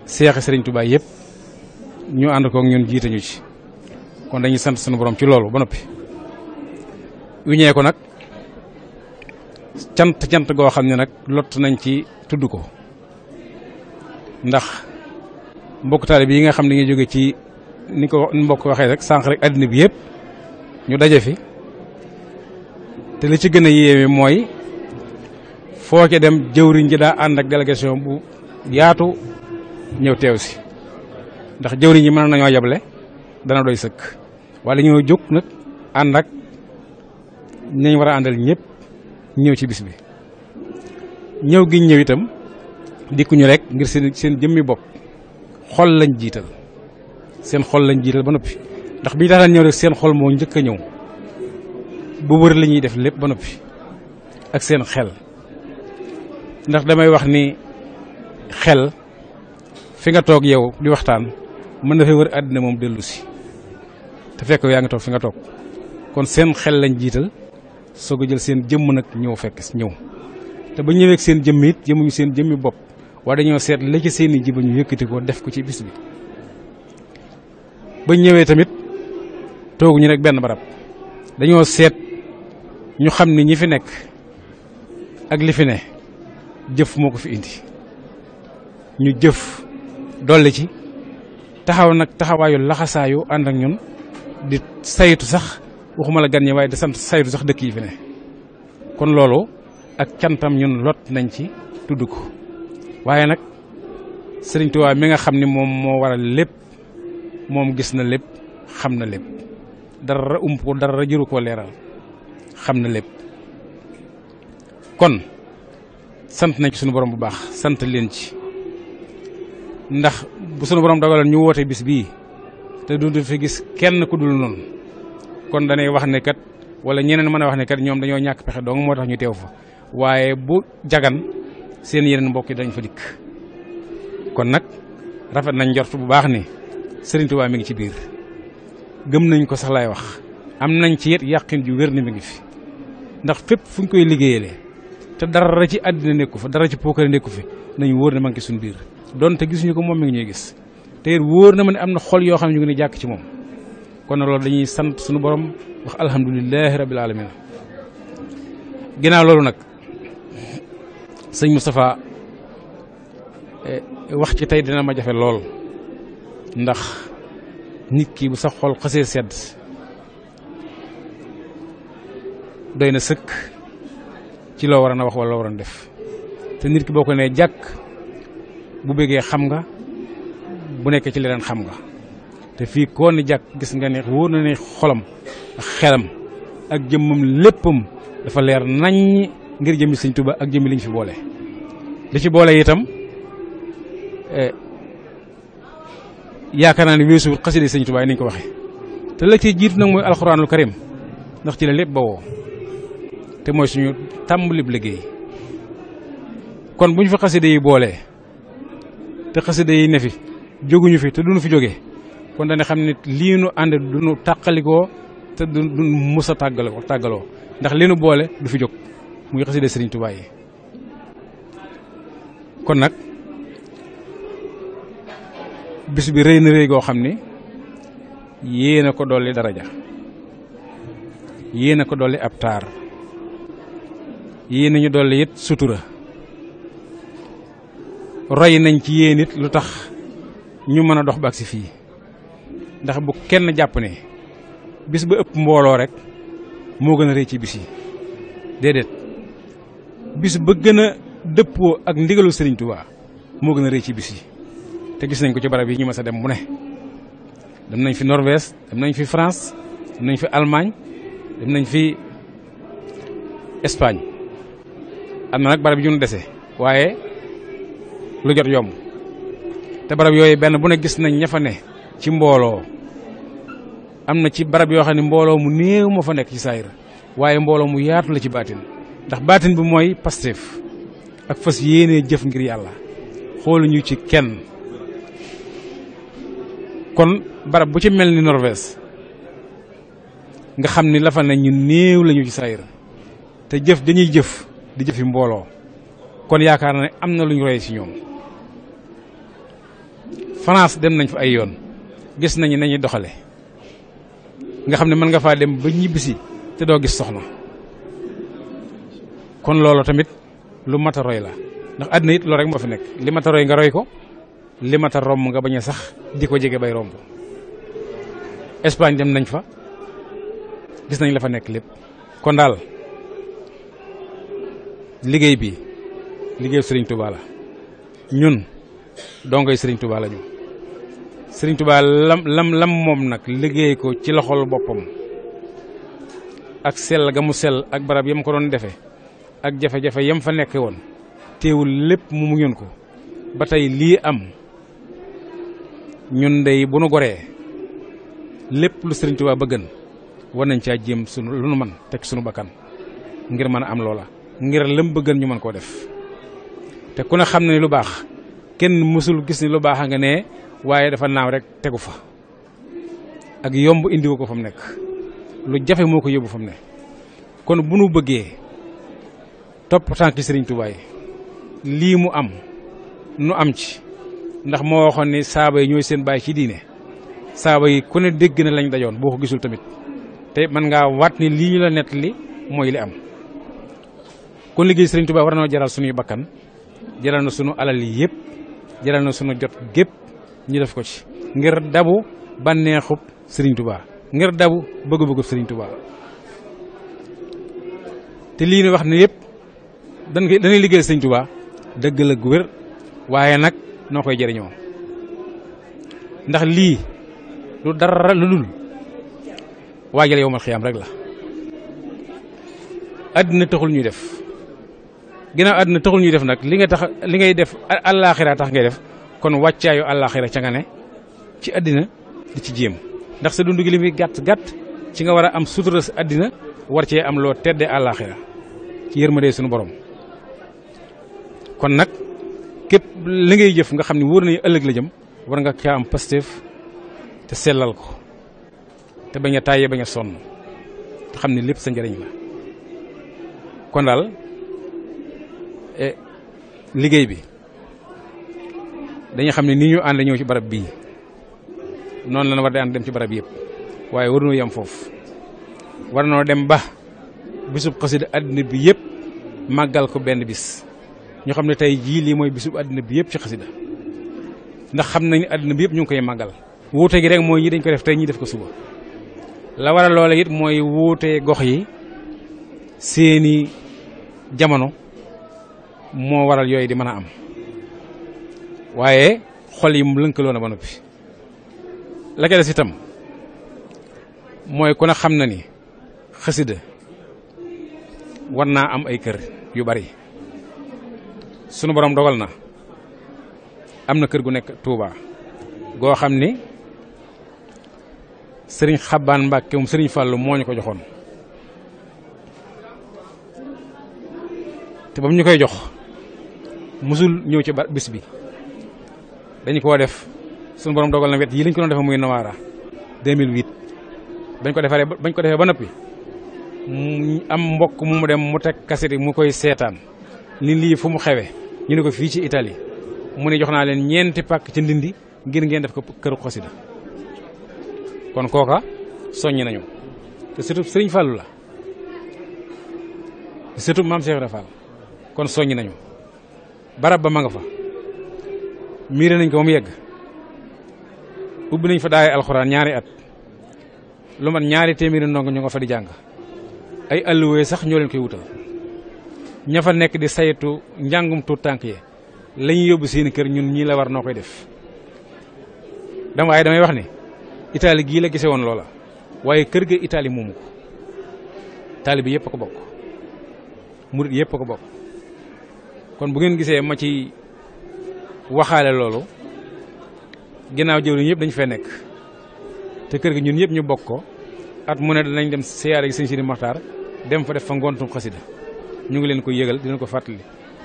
seexi sëriñ Tuubaa yëpp ñu ànd kook ñun jiite ci kon dañuy sant sunu boroom ci loolu ba noppi yu ko nag cant cant goo xam ne nag lott nañ ci tudd ko ndax mbokk taalibe yi nga xam ne nga jóge ci ni ko mbokk waxee rek sànq rek àddina bi yëpp ñu daje fi te li ci gën a yéeme mooy foo ca dem jëwriñ ji daa ànd ak délégation bu yaatu ñëw teew si ndax jëwriñ yi mën nañoo yeble dana doy sëkk wala ñoo jóg nag ànd ak ñañ war a àndal ñëpp ñëw ci bis bi ñëw gi ñëw itam dikkuñu rek ngir seen seen jëmmi bopp xol lañ jiital seen xol lañ jiital ba noppi ndax bi ñu daan ñëw rek seen xol moo njëkk a ñëw bu wër la ñuy def lépp ba noppi ak seen xel ndax damay wax ni xel fi nga toog yow di waxtaan mën na fee wër àddina moom dellu si te fekk yaa ngi toog fi nga toog kon seen xel lañ jiital soog a jël seen jëmm nag ñëw fekk ñëw te ba ñëwee seen jëmm it jëmmuñu seen jëmmi bopp waaye dañoo seet la ci seen i ji ñu yëkkati ko def ko ci bis bi ba ñëwee tamit tooguñu rek benn barab dañoo seet ñu xam ni ñi fi nekk ak li fi ne jëf moo ko fi indi ñu jëf dolli ci taxaw nag taxawaayu laxasaayu ànd ak ñun di saytu sax waxuma la gan ñi waaye di sant saytu sax dëkk yi fi ne kon loolu ak cantam ñun lot nañ ci tudd ko waaye nag sëriñ mi nga xam ni moom moo waral lépp moom gis na lépp xam na lépp dara ump dara jëru koo leeral xam na lépp kon sant nañ ci suñu borom bu baax sant leen ci ndax bu sunu borom dogaloon ñu woote bis bii te du fi gis kenn ku dul noonu kon danay wax ne kat wala ñeneen mën a wax ne kat ñoom dañoo ñàkk pexe dong moo tax ñu teew fa waaye bu jagan seen yeneen mbokk yi dañ fa dikk kon nag rafet nañ njort bu baax ni Sëriñ Tuubaa mi ngi ci biir gëm nañ ko sax laay wax am nañ ci yet yàqin ju wér ni mi ngi fi ndax fépp fu ñu koy liggéeyalee te dara ci àddina nekku fa dara ci pookare nekku fi nañ wóor ne ma ngi ci suñu biir donte gisuñu ko moom mi ngi ñuy gis te it wóor na ma ne am na xol yoo xam ne ñu ngi ne jàkk ci moom kon loolu dañuy sant suñu borom wax alhamdulilahi rabil alamin ginnaaw loolu nag sëñ mu Moustapha eh, wax ci tey dina ma jafe lool ndax nit kii bu sax xol xasee sedd doy na sëkk ci loo waroon a wax wala loo waroon def te nit ki boo ko nee jàkk bu bëggee xam nga bu nekkee ci leneen xam nga te fii koo ni jàkk gis nga ne wóor na ne xolam xelam ak jëmmam léppam dafa leer nañ ngir jëmmi sëñ Tuba ak jëmmi li ñu fi boole li ci boole itam eh, yaakaar naa ne weesuwut xasida sëñ Tuba yi ko waxe te la ci jiitu nag mooy alxuraanul karim ndax ci la lépp ba woo te mooy suñu tàmbalib liggéey kon bu ñu fa xasida yi boole te xasida yi ne fi jóguñu fi te du duñu fi jógee kon dañuy xam ne lii nu ànd duñu tàqalikoo te du du mus tàggaloo tàggaloo ndax li nu boole du fi jóg muy xasida Sëriñ Tuubaa yi kon nag bis bi rëy na rëy goo xam ni yéen a ko dolli daraja yéen a ko dolli ab taar yéen a ñu dolli it sutura roy nañ ci yéen it lu tax ñu mën a dox ba si fii ndax bu kenn jàpp ne bis ba ëpp mbooloo rek moo gën a rëy ci bis yi déedéet bis ba gën a dëppoo ak ndigalu Sëriñ moo gën a rëy ci bis yi te gis nañ ko ci barab yi ñu mës a dem mu ne dem nañ fi Norvège dem nañ fi France dem nañ fi Allemagne dem nañ fi Espagne am na nag barab yu ñu dese waaye lu jot yomb te barab yooyu benn bu ne gis nañ ña fa ne ci mbooloo am na ci barab yoo xam ne mbooloo mu néew moo fa nekk ci saayir waaye mbooloo mu yaatu la ci baatin ndax baatin bu mooy Pastef ak fas yéenee jëf ngir yàlla xooluñu ci kenn kon barab bu ci mel ni Norvège nga xam ni la fa ne ñu néew lañu ci saayir te jëf dañuy jëf di jëfi mbooloo kon yaakaar na ne am na lu ñu royee ci ñoom France dem nañ fa ay yoon gis nañu nañuy doxale nga xam ne mën nga faa dem ba ñibbisi te doo gis soxna kon loolu tamit lu mat a roy la ndax àddina it loolu rek moo fi nekk li mata roy nga roy ko li mat a romb nga bañ sax di ko jege bay romb Espagne dem nañ fa gis nañ la fa nekk lépp kon daal liggéey bi liggéey sëriñ Touba ñun dongoy Serigne Touba la sëriñ Tuubaa lam lam lam moom nag liggéey ko ci loxol boppam ak sell ga mu sel ak barab yam ko doon defee ak jafe-jafe yam fa nekke woon téewul lépp mu mu yoon ko ba tey lii am ñun dey bu nu goree lépp lu sëriñ Tuubaa bëggan war nañ caa jéem sunu lu nu man teg sunu bakkan ngir mën a am loola ngir lëm bëggan ñu mën koo def te ku ne xam ne lu baax kenn mësul gis ni lu baax a nga ne waaye dafa naaw rek tegu fa ak yomb indiwu ko fa mu nekk lu jafe moo ko yóbbu fa mu ne kon bu nu bëggee topp tànk sëriñ Tuubaa lii mu am nu am ci ndax moo waxoon ni saaba yi ñooy seen baay ci diine saaba yi ku ne dégg na lañ dajoon boo ko gisul tamit te mën ngaa waat ni lii ñu la nettali mooy li am kon liggéey sëriñ Tuubaa war nañoo jaral suñuy bakkan jaral na sunu alal yëpp jaral na sunu jot gépp ñu def ko ci ngir dabu bànneexub Serigne tubaa ngir dabu bëgg-bëggub Serigne Touba te lii ne wax ne yépp dañ koy dañuy liggéey Serigne Touba dëgg la gu waaye nag noo koy jëriñoo ndax lii lu dara lu dul waajal yow xiyaam rek la. àddina taxul ñuy def ginnaaw àddina taxul ñuy def nag li nga tax li ngay def àllaaxira tax ngay def. kon wàccaayu àllaaxira ca nga ne ci àddina di ci jéem ndax sa dund gi li muy gàtt gàtt ci nga war a am sutura sa àddina war cee am loo tedde àllaaxira ci yërmande sunu borom kon nag képp li ngay jëf nga xam ni wër na ëllëg la jëm war nga caa am pasteef te sellal ko te bañ a tàyyee bañ a sonn te xam ne lépp sa njëriñ la kon daal eh, liggéey bi dañuy xam ne nii ñu ànd ñëw ci barab bii noonu la war di ànd dem ci barab yëpp waaye waruñoo yem foofu war noo dem ba bisub xasida àddina bi yëpp màggal ko benn bis ñu xam ne tey jii lii mooy bisub àddina bi yëpp ci xasida ndax xam nañu àddina bi yëpp ñu ngi koy màggal wuute gi rek mooy ñi dañ ko def tey ñi def ko suba la war a loola it mooy wuute gox yi seeni jamono moo waral yooyu di mën a am waaye xol yi mu lënkaloo na ba noppi la des itam mooy ku ne xam na ni xasida war naa am ay kër yu bari sunu borom dogal na am na kër gu nekk Touba goo xam ni sëriñ Xabaan Mbàkke moom sëriñ Fàllu moo ñu ko joxoon te ba mu ñu koy jox musul ñëw ci bis bi dañu koo def suñu borom dogal na wet yii lañ ko doon defee muy Nawara 2008 bañ ko defaree bañ ko defee ba noppi am mbokk mu mu dem mu teg kaset mu koy seetaan ni lii fu mu xewee ñu ne ko fii ci itali mu ne jox naa leen ñeenti pàkk ci ndindi ngir ngeen def ko këru xasida kon kooka soññ nañu te surtout Sëriñ Fàllu la surtout maam Cheikh Ibra kon soññ nañu barab ba ma nga fa miire nañ ko ba mu yegg ubbi nañ fa daay alxuraan ñaari at lu man ñaari téeméeri ndongo ñu nga fa di jàng ay alluwee sax ñoo leen koy wutal ña fa nekk di saytu njàngum tuut tànk yi lañuy ñuy yóbbu seen kër ñun ñii la war noo koy def dama waaye damay wax ni Italie gii la gise woon loola waaye kër gi Italie moomu ko taalibe yëpp ko bokk murit yëpp a ko bokk kon bu gisee ma ci waxaale loolu ginnaaw jëwriñ yëpp dañu fee nekk te kër gi ñun yëpp ñu bokk ko at mu ne danañ dem siyaare gi sëñ Sidi Maxtaar dem fa def fa ngontum xasida ñu ngi leen ko yëgal dina ko fàttali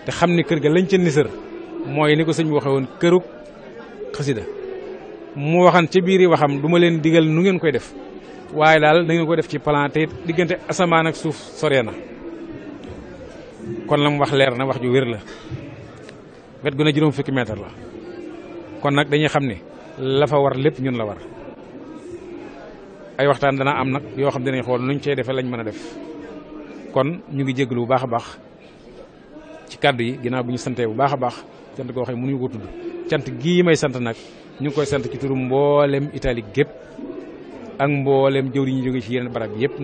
te xam ni kër ga lañ ca nisër mooy ni ko sëñ bi waxee woon kërug xasida mu waxan ca biir yi waxam du ma leen digal nu ngeen koy def waaye daal da ngeen koy def ci plan te diggante asamaan ak suuf sore na kon la mu wax leer na wax ju wér la wet gu ne juróom fukki mètre la kon nag dañuy xam ne la fa war lépp ñun la war ay waxtaan dana am nag yoo xam dinañ xool nuñ cee defe lañ mën a def kon ñu ngi jégalu bu baax a baax ci kàddu yi ginnaaw bi ñu santee bu baax a baax cant koo xam ne mënuñu ko tudd cant gii may sant nag ñu ngi koy sant ci turu mboolem Italie gépp ak mboolem jëwri ñu jóge ci yeneen barab yëpp.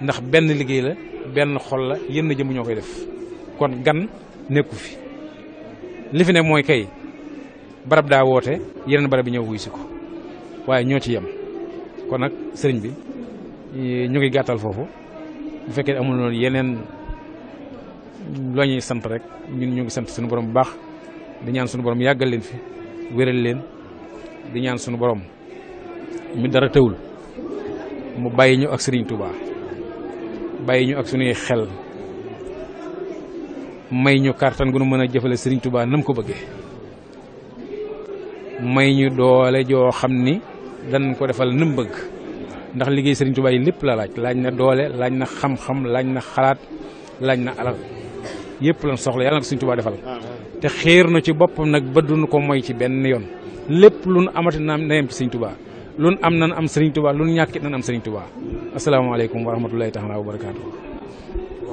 ndax benn liggéey la benn xol la yenn jëmbu ñoo koy def kon gan nekku fi. li fi ne mooy kay barab daa woote yeneen barab bi ñëw wuy si ko waaye ñoo ci yem kon nag sëriñ bi eh, ñu ngi gàttal foofu bu fekkee amul loolu yeneen loo ñuy sant rek ñun ñu ngi sant suñu borom bu baax di ñaan suñu borom yàggal leen fi wéral leen di ñaan suñu borom mi dara tëwul mu bàyyi ñu ak sëriñ Touba bàyyi ñu ak suñuy xel may ñu kàttan gu nu mën a jëfale Sëriñ Tuubaa nam ko bëggee may ñu doole joo xam ni dañ ko defal nam bëgg ndax liggéey Sëriñ Tuubaa yi lépp la laaj laaj na doole laaj na xam-xam laaj na xalaat laaj na alal yëpp lan soxla yàlla na ko Sëriñ Tuubaa defal te xéer na ci boppam nag ba duñu ko moy ci benn yoon lépp lu nu amati naam na yem ci Sëriñ Tuubaa lu am nan am Sëriñ Tuubaa lu nu ñàkkit nan am Sëriñ Tuubaa asalaamaaleykum wa rahmatullahi taala wa barakaatu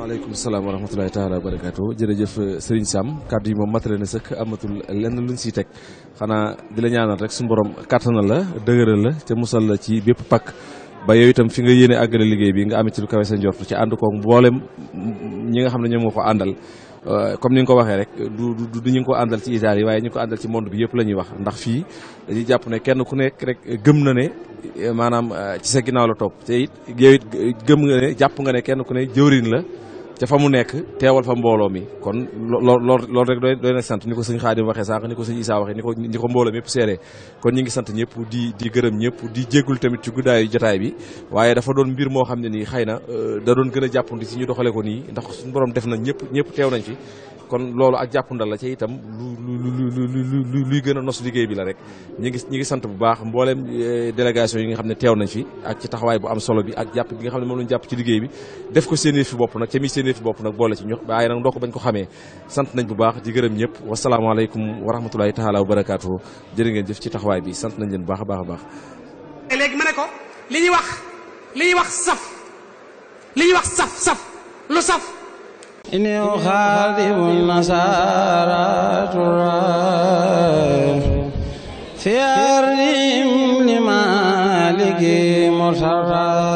waaleykum salaam wa rahmatulahi taala wa barakaatu jërëjëf Serigne Sam kàddu yi moom matale na sëkk amatul lenn luñ siy teg xanaa di la ñaanal rek suñu borom kàttanal la dëgëral la te musal la ci bépp pakk ba yow itam fi nga yéene àggale liggéey bi nga amee ci lu kawe ci ànd koog mboolem ñi nga xam ne ñoom nga ko àndal euh, comme ni nga ko waxee rek du du ñu ko àndal ci Italie waaye ñu ko àndal ci monde bi yëpp la ñuy wax ndax fii dañuy jàpp ne kenn ku nekk rek gëm na ne maanaam euh, ci sa ginnaaw la topp te it yow gëm nga ne jàpp nga ne kenn ku ne jëwriñ la ca fa mu nekk teewal fa mbooloo mi kon lool loolu rek doy doy sant ni ko sëñ Xaadim waxee sànq ni ko sëñ Isaa waxee ni ko ni ko mbooloo mi yëpp seeree kon ñu ngi sant ñëpp di di gërëm ñëpp di jéggul tamit ci guddaayu jotaay bi waaye dafa doon mbir moo xam ne nii xëy na euh, da doon gën a jàppandi si ñu doxale ko nii ndax suñu borom def na ñëpp ñëpp teew nañ fi kon loolu ak jàppandal la ci itam lu lu luy gën a nos liggéey bi la rek ñi ngi ñi ngi sant bu baax mbooleem eh, délégation yi nga xam ne teew nañ fi ak ci taxawaay bu am solo bi ak jàpp bi nga xam ne moom lañu jàpp ci liggéey def ko seen yëfi bopp nag ca mi seen yëfi bopp nag boole ci ñu waaye nag ko xamee sant nañ bu baax di gërëm ñëpp wasalaamaaleykum wa rahmatulahi taala wa barakaatuhu jërë ngeen jëf ci taxawaay bi sant nañ leen bu baax a baax wax li ñuy wax saf li ñuy wax saf saf lu saf إني أخاذب النصارى ترى في أرضهم لمالك مرتضى